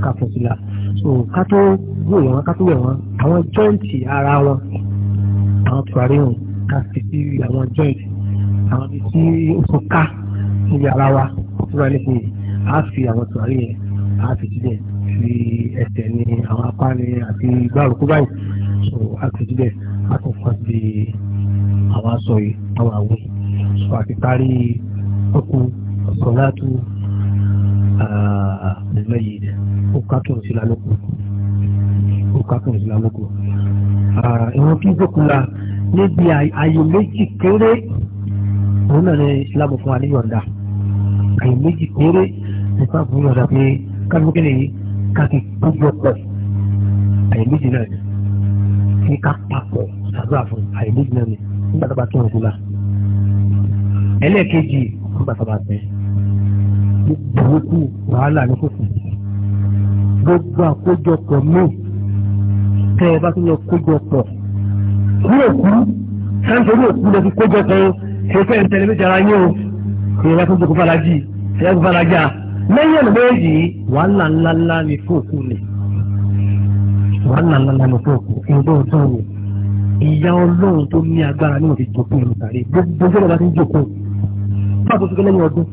káfọ́ sílá so ká tó wò wọn ká tó wẹ̀ wọn àwọn jọ́ǹtì ara wọn àwọn tùwárí hàn ká sì sí àwọn joint àwọn ibi tí ó sọ ká níbi ara wa tí wọ́n á nípe á fi àwọn tùwárí yẹn á fi síbẹ̀ fi ẹsẹ̀ ní àwọn apá ní àti igbá òkú báyìí so á fi síbẹ̀ á tún fọ́n sí àwọn aṣọ yìí àwọn àwẹ̀ so àti parí ọkùnrin sọ̀látù ẹ̀mẹ́yìí ó ká tó ń sílá ó ká tó ń sílá Ah, ìwọ̀n kí gbókùnlá níbi àyè méjì kéré òun náà ní ìsìlámù fún wa ní yọ̀ǹda àyè méjì kéré nípa fún yọ̀ǹda pé káfíńkì lè káfí gbogbo pọ̀ àyè méjì náà ni kí ká papọ̀ sàdúrà fún àyè méjì náà ni nígbà tó bá tó ọdún la ẹlẹ́ẹ̀kejì nígbà tó bá tẹ̀ gbogbo wàhálà ní kò fún gbogbo àkójọpọ̀ náà tẹ́ ẹ bá tún lọ kójọ pọ̀ ní òkú sáńtorí òkú lọ fi kójọ pọ̀ ṣe fẹ́ ìtẹ̀lé méjì ara yín o ìyẹn bá tún jókòó fàlájì ìyẹn kò fàlájà lẹ́yìn ọ̀nà méjì wàhálà ńláńlá ni fún òkú ni wàhálà ńláńlá ni fún òkú ẹgbẹ́ ọ̀dọ́ ni ìyá ọlọ́run tó ní agbára ní wọ́n ti jókòó ẹ̀rù sàrí gbogbo ọjọ́ bá ti ń jókòó fún àtúntò lẹ́yìn ọdún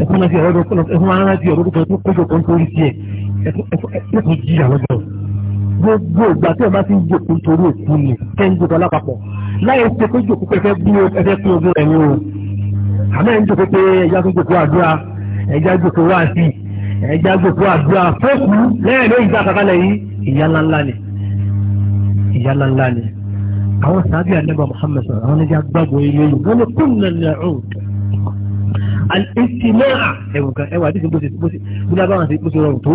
ẹ̀fọn máa fi ọ̀rọ̀ ẹ̀fọn máa ń rántí ọ̀rọ̀ tó kọjú kan tó rí sí ẹ̀ ẹ̀fọn jí àwọn ọjọ́ gbogbo ìgbà tí ẹ bá fi ń jòkó nítorí òkú ni kẹ́ ń jòkó lápapọ̀ láyé ṣe pé jòkó pé ẹfẹ́ bí ẹfẹ́ pín ogún ẹ̀yìn o àmọ́ ẹ̀ ń jòkó pé ẹja tó jòkó àdúrà ẹja jòkó wá sí ẹja jòkó àdúrà fóòkù lẹ́yìn lóyún ìgbà kankan lẹ́yìn ìyá ńláńlá ni ìyá ńláńlá ni àwọn sábì àdébà Muhammad sọ̀rọ̀ àwọn ẹja gbàgbọ́ ilé yìí wọ́n ní kúnnà ní ọ̀hún al-istimaa ẹ̀wọ̀n kan ẹ̀wọ̀n àdìsí bó ṣe bó ṣe bó ṣe rọrùn tó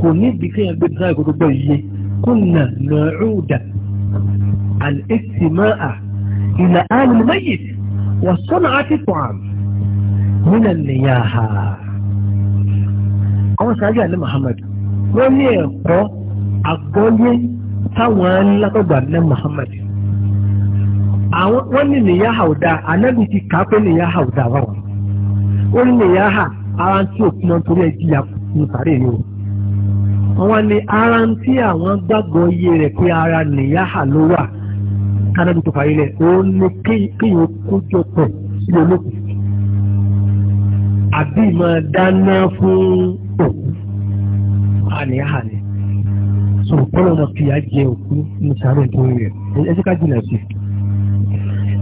kò ní ibi kéèyàn gbé كنا نعود الاستماع إلى آل الميت وصنعة الطعام من النياحة àwọn sàájú àlẹ́ Muhammad wọ́n ní ẹ̀kọ́ àgbọ́yé táwọn alákọ̀gbà àlẹ́ Muhammad wọ́n ní nìyáhà ọ̀dà anábì ti kà á pé nìyáhà ọ̀dà wà ní nìyáhà ara tí òpin náà torí ẹ̀ jìyà ní sàárè ni o àwọn ni ara ń tí àwọn gbàgbọ́ iye rẹ̀ pé ara nìyáhà ló wà kánábì tó fàyílẹ̀ ó ní kéèyàn kójọ pọ̀ sí olókùn àbí máa dáná fún òkú àníyáhà ni so kọ́lọ́ náà fìyà jẹ òkú ní sàárè tó rẹ̀ ẹ ká jìnà sí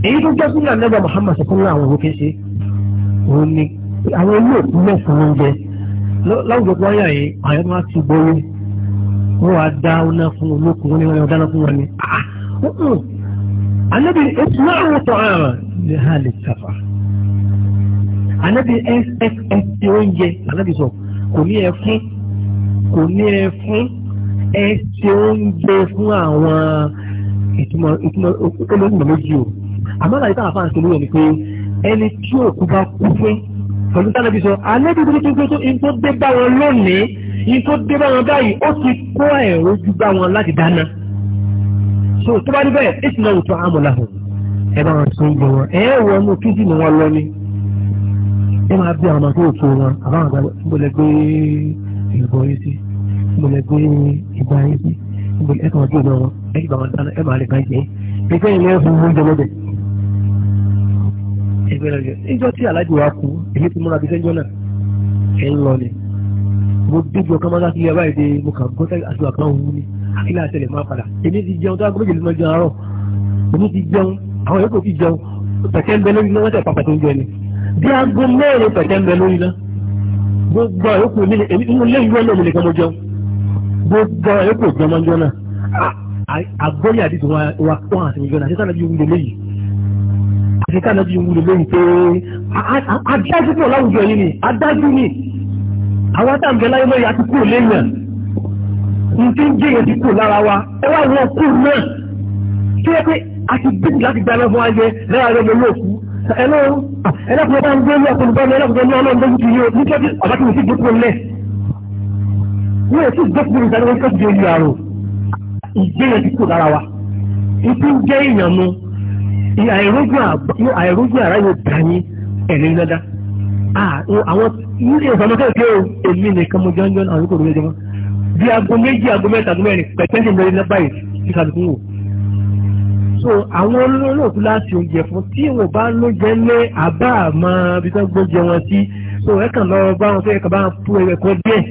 èyí tó jẹ́ sílẹ̀ nẹ́bà Muhammad sọ fún àwọn òkú ṣe òun ni àwọn ilé òkú mẹ́sàn-án ń jẹ láwùjọ tó wáyà yìí àyà tó wá ti gbowó wọ́n wá dá ọ̀nà fún olókùn wọn ni wọ́n dáná fún wọn ni. anabi ah! etu náà wọ́n tọ́ ara ní ha lè sàfà anabi sss ti oúnjẹ anabi sọ kò ní ẹ fún kò ní ẹ fún ẹ ti oúnjẹ fún àwọn ìtumọ̀ ìtumọ̀ olóyún méjì o àmọ́ àlàyé táwọn afáàṣẹ lóyún ni pé ẹni tí òkú bá kú fún pẹ̀lú tánàbí sọ alẹ́bìbìrì tó tó in tó dé bá wọn lónìí in tó dé bá wọn báyìí ó ti kó ẹ̀rọ ju bá wọn láti dáná so tó bá rí bẹ́ẹ̀ èsì náà wùtọ́ àmọ̀láhùn ẹ bá wọn sún jẹ wọn ẹ wọ inú kíjì ni wọn lọ ní ẹ máa bí àwọn tó tó wọn àbáwọn àgbà gbọlẹ gbé ìbọn yìí sí gbọlẹ gbé ìbọn yìí sí gbọlẹ ẹ kàn wọn tó lọ wọn ẹ ìbá wọn dáná ẹ máa rí bá jẹ ẹ gbẹ́yìn ẹgbẹ́rẹ́gbẹ́ ìjọ tí aláàjì wa kú èyí ti múra bí sẹ́jọ́ náà ẹ̀ ń lọ ni mo dójú ọkàn máa láti yẹ báyìí dé mo kàn gbọ́ sẹ́yìn àti àkàn òun ni àkílẹ̀ àtẹlẹ̀ máa padà èmi ti jẹun tó aago méjèèjì máa jẹun àárọ̀ èmi ti jẹun àwọn yòókù ti jẹun pẹ̀tẹ́ ń bẹ lórí iná wọ́n tẹ̀ pàpà tó ń jẹ ni bí aago mẹ́rin pẹ̀tẹ́ ń bẹ lórí iná gbogbo àyókù mi èmi ń lé ìwé lómi nìkan mo jẹun gbogbo àyókù ìjọmọjọ náà ah, àgbọ́yé àdìsí wa wà pọ́n àtìmíjọ náà àti sáà àti kánàbí wúlò lórí pé adájú pọ̀ láwùjọ yìí ni adájú ni àwọn àtàǹbẹ̀ láyé lọ́yẹ̀ àti kúrò lẹ́yìn nǹkan ń jẹ́yẹ̀ ti kúrò lára wa ẹ wá wọn kú náà kí wọ́n pé a ti bíbí láti gba ẹlẹ́fọ́ ayé lẹ́yà rẹ̀ lọ́wọ́ òkú ẹlẹ́kùnrin bá ń gbé ní ọkùnrin bá ní ẹlẹ́kùnrin ní ọlọ́run lójú ti yé o nítorí ọ̀bá tí mo ti dókòó lẹ̀ wọ́n yóò tún dókòó ìdájọ́ wọn kẹ́sì ìgbéyẹ̀ ti kúrò lára wa ìpín jẹ́ ìyànnú àìrójú àrá yóò dá yín ẹ̀rí lọ́dá àwọn ilé ìfọmọ́kẹ́kẹ́ o èmi nìkan mo jọ́njọ́ àwọn olùkọ́ òwúrọ̀ jọmọ́ bí aago méjì aago mẹ́ta aago mẹ́rin pẹ̀tẹ́sì lórí náà báyìí kí kálukú wò. so àwọn olóòtú láti oúnjẹ fún tí wọn bá lóúnjẹ lé àbá àmọ́ bí wọ́n gbóúnjẹ wọn sí so ẹ kàn lọ bá wọn fẹ́ kàn bá wọn fún ẹ̀kọ́ díẹ̀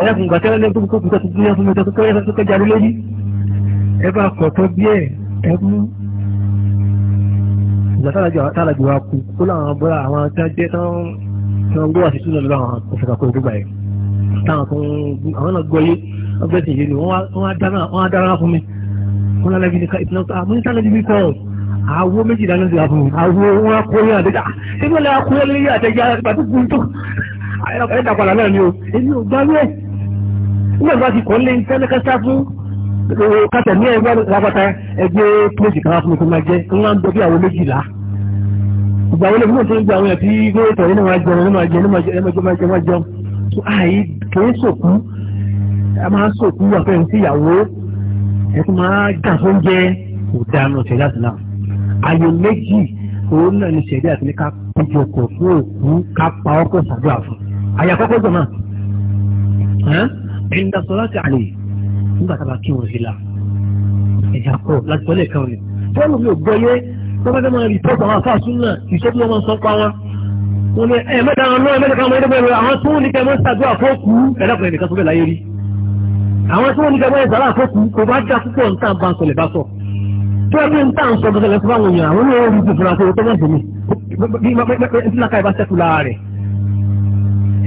ẹ̀yà fún gbàtẹ́rẹ́ lẹ́yìn tó kókó kókó tó kókó tó kókó tó kókó tó kókó ìgbà tálàjì wa kú kó láwọn bọ́ra àwọn tí wọ́n jẹ́ tán tán gbọ́ àṣìṣú lọ́dọ̀ àwọn òṣèlú àkókò gbogbo ẹ̀ táwọn tó ń àwọn náà gbọ́yé ọgbẹ́sìn yìí ni wọ́n á dára fún mi wọ́n lálẹ́ bíi ìtàn àmọ́ ní tálàjì bíi kọ́ àwo méjì dáná sí àfún mi àwo wọn akóyè àdéjà èmi ò lè akóyè lórí àtẹjà pàtó kú tó ẹ̀dàpàdà náà ni o èmi ò gbá kátẹ̀ ní ẹgbẹ́ lápáta ẹgbẹ́ pílẹ̀sì kan fún mi tó máa jẹ́ ńlá ń dọ́ bí àwọn méjìlá ìgbà wọlé fún mi gbà àwọn ẹ̀tí gbẹ́ẹ̀tọ̀ yìí máa jẹun ní máa jẹun ní máa jẹun ní máa jẹun máa jẹun tó àyè kìí sòkú a máa sòkú àfẹ́yìn sí ìyàwó ẹ̀tún máa gà fún jẹ́ ìdáná ṣẹ̀dá sílá àyè méjì òun náà ni ṣẹ̀dá àti ní ká péjọpọ̀ fún òkú ká pa ọkọ̀ sàdúrà fún àyè àkọ́kọ́ jọ nígbà tá a bá kí wọn sí la ẹ̀já pọ̀ láti pọ̀ lẹ́ẹ̀kan ni fọ́ọ̀lù mi ò gbọ́ yé lọ́gbàdá máa rìpọ́tù àwọn afáàsùn náà ìṣẹ́bí wọn máa ń sọ pa wọn wọn ni ẹ mẹ́ta àwọn náà mẹ́ta káwọn ẹ̀ẹ́dẹ́gbẹ̀rún rẹ̀ àwọn tó ní kẹ́ mọ́ ṣàdúrà fọ́ọ̀kù ẹ̀dàkùnrin nìkan tó bẹ̀ láyé rí àwọn tó ní kẹ́ mọ́ ìṣàlá fọ́ọ̀kù kò bá dá púpọ̀ ń tàn bá ń sọlẹ̀ bá sọ tó ẹbí ń tàn sọ bẹ́sẹ̀ lẹ́sẹ̀ fáwọn èèyàn àwọn náà rí fúnra tó tó mẹ́sẹ̀ mi ńlá káyọ̀ bá sẹ́kù lára rẹ̀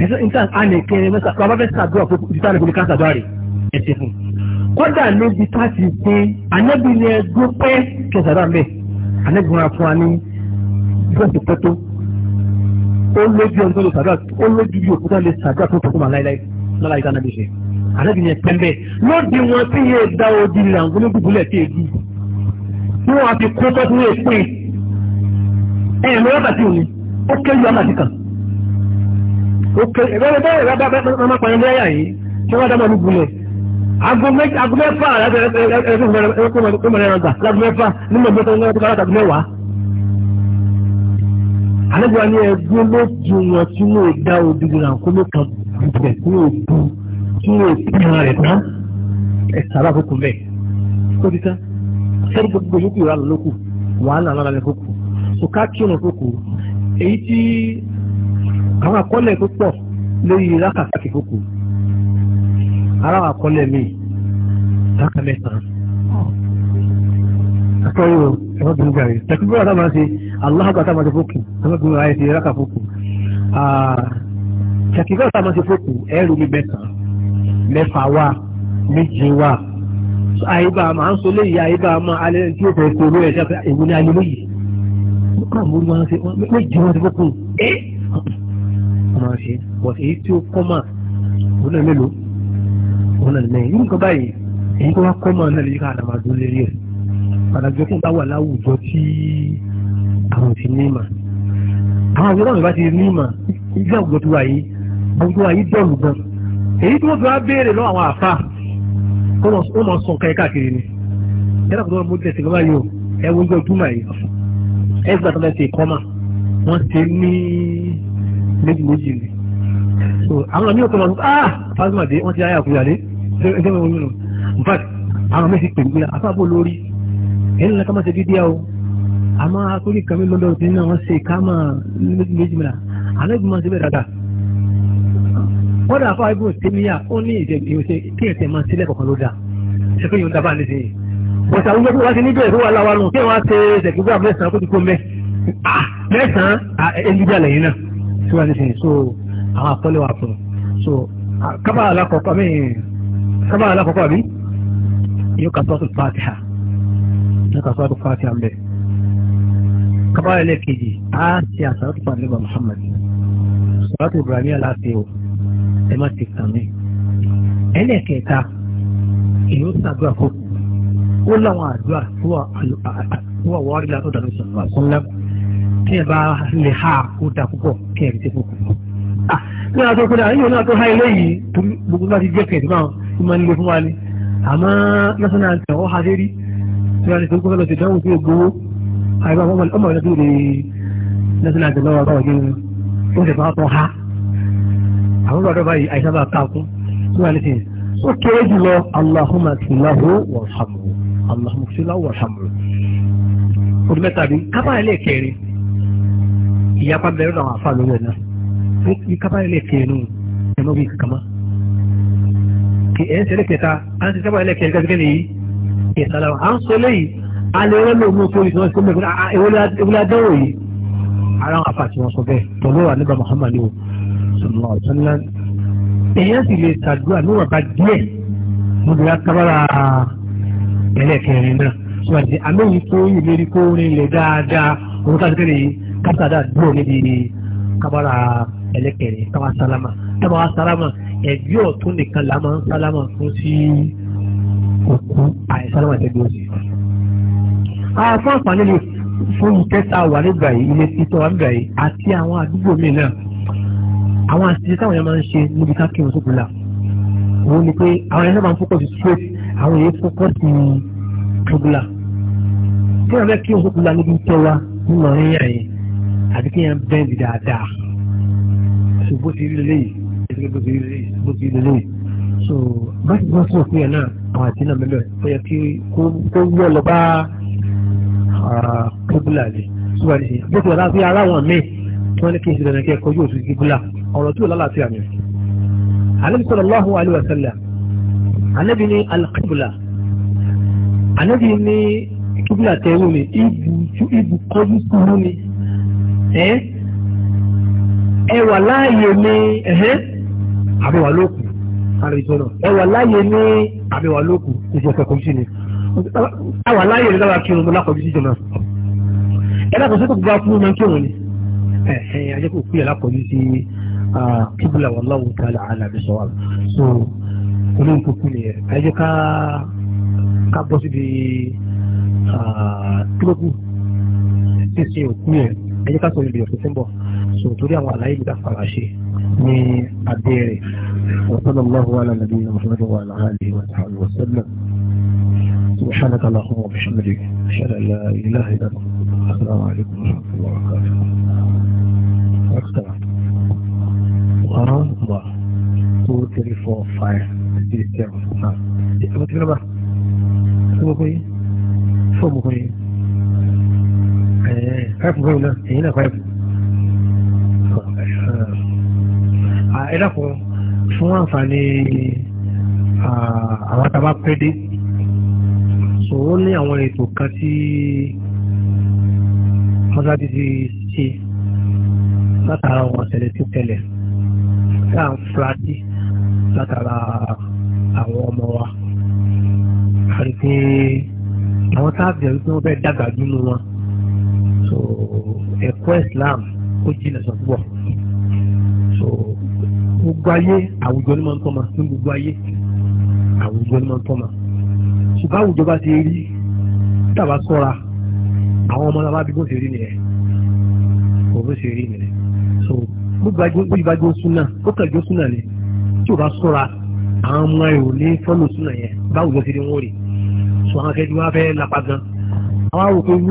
ẹ̀sẹ̀ ń tàn á nìkẹ́ mẹ́ta kódà níbi tá a ti gbé anábì ni ẹ dúró pé kí ẹ sàdá mbẹ anábì wọn fún wa ní bọ́ọ̀sì pẹ́tó ó lójú ọdún tó lè sàdá ó lójú bí òkúta lè sàdá tó tọkùnmá láíláí lára ìdáná bí ṣe anábì ni ẹ pẹ́ńbẹ́ lóde wọn tí yẹ dá odi làǹgó ní dùbúlẹ̀ tí èdè tí wọn àti kó bọ́ tí wọn pè é ẹ̀ lọ́wọ́ bàtí òní ó kéwì àmàtí kan ó kéwì ẹ̀rọ ẹ̀rọ ẹ̀rọ bá bá bá má pa ẹ̀ lẹ́yà yìí tí wọ́n dá mọ́ ní gbúlẹ̀ aago mẹ́fà ẹ̀ẹ́dẹ́gbẹ̀rẹ̀ ọgbà láago mẹ́fà nínú ọgbẹ́ tó ń gbọ́ láti aago mẹ́wàá. àlejò ni ẹgbẹ́ lójú wọn tí wọ́n dá odidi náà kó ló kan bùbẹ̀ tí wọ́n bu tí wọ́n pìrọ̀ rẹ̀ tán ẹ̀ sábà kókò mẹ́. ó ti tán sẹ́ni gbogbo yòókù rà lókù wàhálà lára rẹ̀ kókò kò ká kí ọ̀nà kókò èyí tí àwọn àkọọ́lẹ̀ tó pọ̀ lórí rákàkàkì kókò aráwà kọ́lẹ̀ mi táàkà mẹ́sàn-án akọ́yò ẹ̀fọ́ bínú gàrí tẹ̀kùbí wà táwọn ṣe aláhàgbà táwọn ṣe fókù ẹ̀fọ́ bínú ayé ṣe rákà fókù tẹ̀kùbí wà táwọn ṣe fókù ẹ̀rù mi mẹ́sàn-án mẹ́fà wà méje wà àyíbá máa ń solé ìyá àyíbá máa alẹ́ tí ó fẹ́ ṣe olú ẹ̀ ṣe èwo ni alẹ́ méjì méje wọn ti fókù ẹ́ wọ́n máa ṣe bọ̀t èyí tí ó kọ́ máa ó náà mélòó ọ̀nà nìyẹn irú nǹkan báyìí èyí tó wá kọ́ mọ́ náà lè ká àdàmàdó lérí ẹ̀ pàtàkì fún bá wà láwùjọ tí àwọn ti ní mà àwọn àwòrán àwọn ìbá ti ní mà ilé àwùjọ tó wà yìí àwùjọ wà yìí dọ̀lù gan èyí tí wọ́n fi lọ́wọ́ àwọn àfa ó mọ̀ sọ nǹkan káàkiri ni yàrá kòtò tó wọ́n ti so àwọn ọmọ mi ò tọ́ wọn ah fásitì wọ́n ti ayé àkúyà lé ṣé wọ́n yín nù in fact àwọn méjì pè mí afábò lórí ẹni lọ́ka máa ṣe dídí àwọn àmọ́ akórí kan mi lọ́dọ̀ tí náà wọ́n ṣe ká máa méjì mìíràn àlọ́ ìgbìmọ̀ ṣe bẹ́ẹ̀ dáadáa wọ́n dà fáwọn ibùdó tèmíyà ó ní ìdẹ̀gbẹ̀ kí ẹ̀sẹ̀ máa sílẹ̀ kọ̀ọ̀kan ló dà ṣe pé yóò dábàá nísìnyí bọ̀tà àwọn ọmọdé wa ti níbẹ̀ tó wà láwa nù so àwọn àpọ́lẹ̀ wà so kábàá alákọ̀ọ́kọ́ mẹ́yìn sábà alákọ̀ọ́kọ́ àbí yóò kà sọ́tù fatiha yóò kà sọ́tù fatiha ń bẹ̀ kábà ẹlẹ́kejì á ṣe àṣàrọ́tù fàdébà Muhammad sọ́tù Ibrahim aláṣẹ o ẹ má ti kàn mí ẹlẹ́kẹta èyí ó sàdúrà fún ó láwọn àdúrà tó wà wọ́ọ́rí látọ̀ dàbí sọ̀rọ̀ àkúnlá kí ẹ bá lè ha ó dà púpọ̀ kí ẹ rí tẹ́ fún kùn. ní àtọ́kùnrin àyíwọ̀n náà tó ha ilé yìí gbogbo náà ti jẹ́ kẹ̀dùn ó máa ń le fún wa ni àmọ́ lọ́sàn náà tẹ̀ ọ́ ha dé rí tí wọ́n ti tó kọ́kọ́ lọ sí ìdánwò tí ó gbowó àìbá ọmọ ọmọ ìlú tó lè lọ́sàn náà tẹ̀ lọ́wọ́ báwọn jẹun ó sì bá tọ́ ha àwọn ọ̀dọ́ báyìí àìsàn bá ká kún tí wọ́n ti ó kéré jùlọ Allahumma kìláhó wàhámù Allahumma kìláhó wàhámù orí mẹ́ta bí kábàá ilé kẹrin ìyapa bẹ̀rẹ̀ náà àfa lórí ẹ̀ náà ní kábàá ilé kẹrin ẹ̀mọ́ bí ẹ̀ ń ṣẹlẹ̀ kẹta a ń ṣe sábà ẹlẹ́kẹ̀ẹ́ gẹ́gẹ́ nìyí ìsàlà à ń sọ lẹ́yìn a lè rẹ́ lò mú torí ìsọ́nà sílẹ̀ fún ìwọlé adánwò yìí ara wọn afa tí wọn sọ bẹ́ẹ̀ pẹ̀lú àníbà Muhammadu sọlá ọ̀sánlá èèyàn sì lè ṣàdúrà níwọ̀n bá díẹ̀ níbi látábára ẹlẹ́kẹ̀ẹ́rin náà sọ àti àmẹ́yìn tó yìí lérí kó rin lẹ̀ dáadáa òun ká kábàdà kábàrà ẹlẹ́kẹ̀ẹ́rin kábà sálámà kábà sálámà ẹ̀gbẹ́ ọ̀tún nìkan la máa ń sálámà fún sí òkú àìsálámà tẹ́gbẹ́ òsì. àwọn àǹfààní lè fún ìkẹta wà nígbà yìí ilé títọ́ wà nígbà yìí àti àwọn àdúgbò mi náà àwọn àṣìṣe táwọn yẹn máa ń ṣe níbi ká kírun sókè là òun ni pé àwọn yẹn náà máa ń fọ́kọ̀ sí straight àwọn yẹn fọ́kọ̀ sí tóbulà tí wọ́n fẹ́ kírun sókè là níbi tẹ́wà nínú ọ̀rẹ́yìn àyẹn àti kí yẹn bẹ́ẹ̀ bì dáadáa ṣùgbọ́n ti rí lélẹ́yìí ní bó ti rí bó so bá ti wọ́n sọ̀rọ̀ fún yẹn náà àwọn àti náà mẹ́lẹ̀ ó yẹ kí kó wọ́ lọ bá kíbúlà rẹ̀ tó wà níṣẹ́ bó ti wà láti ara wọn míì tí wọ́n ní kí n ṣe dandan kí ẹ kọjú òsì kíbúlà ọ̀rọ̀ tí ò lálàáfíà mi. alẹ́bi sallallahu alaihi wa sallam alẹ́bi ní alkíbúlà alẹ́bi ní kíbúlà tẹ̀wé ni ibu kọjú sùúrù ni ẹ wà láàyè ni ẹ̀hẹ́ àbẹ̀wà lókù àrètò náà ẹwà láyé ní àbẹ̀wà lókù ìjọ kẹkọọ sí ni àwà láyé ní dábàá kírun mọ́lá kọjú síjọ náà ẹ̀dá kan sẹ́kọ̀ọ́ bá fún mi kírun ni ẹ̀hìn ajẹ́kọ̀ òkú yàrá kọjú sí kíbùlà wallahu ta'ala àlàbẹ̀ sọ̀wà so olóhùn kúkú ni ẹ̀ ẹ̀jẹ̀ ká ká bọ́ síbi kílókù sísè òkú yẹn ẹ̀jẹ̀ ká sọ̀rọ̀ ìbìyànjú tó ń bọ̀ so torí àwọn àlàyé mi dá fara ṣe. من الديري وصلى الله على نبينا محمد وعلى آله وصحبه وسلم سبحانك اللهم وبحمدك أشهد أن لا إله إلا أنت السلام عليكم ورحمة الله وبركاته أكثر بخارا ẹ dákun fún àǹfààní àwọn tá a bá pẹ́ dé so ó ní àwọn ètò kan tí mọ́sáàdì ti ṣe látara àwọn ọ̀sẹ̀lẹ̀ tó tẹ̀lẹ̀ tá à ń fura sí látara àwọn ọmọ wa àti pé àwọn táàbì ẹ̀rí pé wọ́n fẹ́ dàgbà nínú wọn so ẹ̀kọ́ Islam ó jìnà sọ púpọ̀ gbogbo ayé àwùjọ ni máa ń tọ́ma ní gbogbo ayé àwùjọ ni máa ń tọ́ma ṣùgbọ́n àwùjọ bá ti rí tàbá sọ́ra àwọn ọmọ náà bá bí bó ṣe rí nìyẹn kò bó ṣe rí nìyẹn so gbogbo ìbájú súnà ó kàjọ súnà ni tí ò bá sọ́ra àwọn ọmọ ẹ̀ ò ní fọ́lù súnà yẹn báwùjọ ti rí wọn rí so àwọn akẹ́kọ̀ọ́ wa fẹ́ lápá gan àwọn àwòkọ́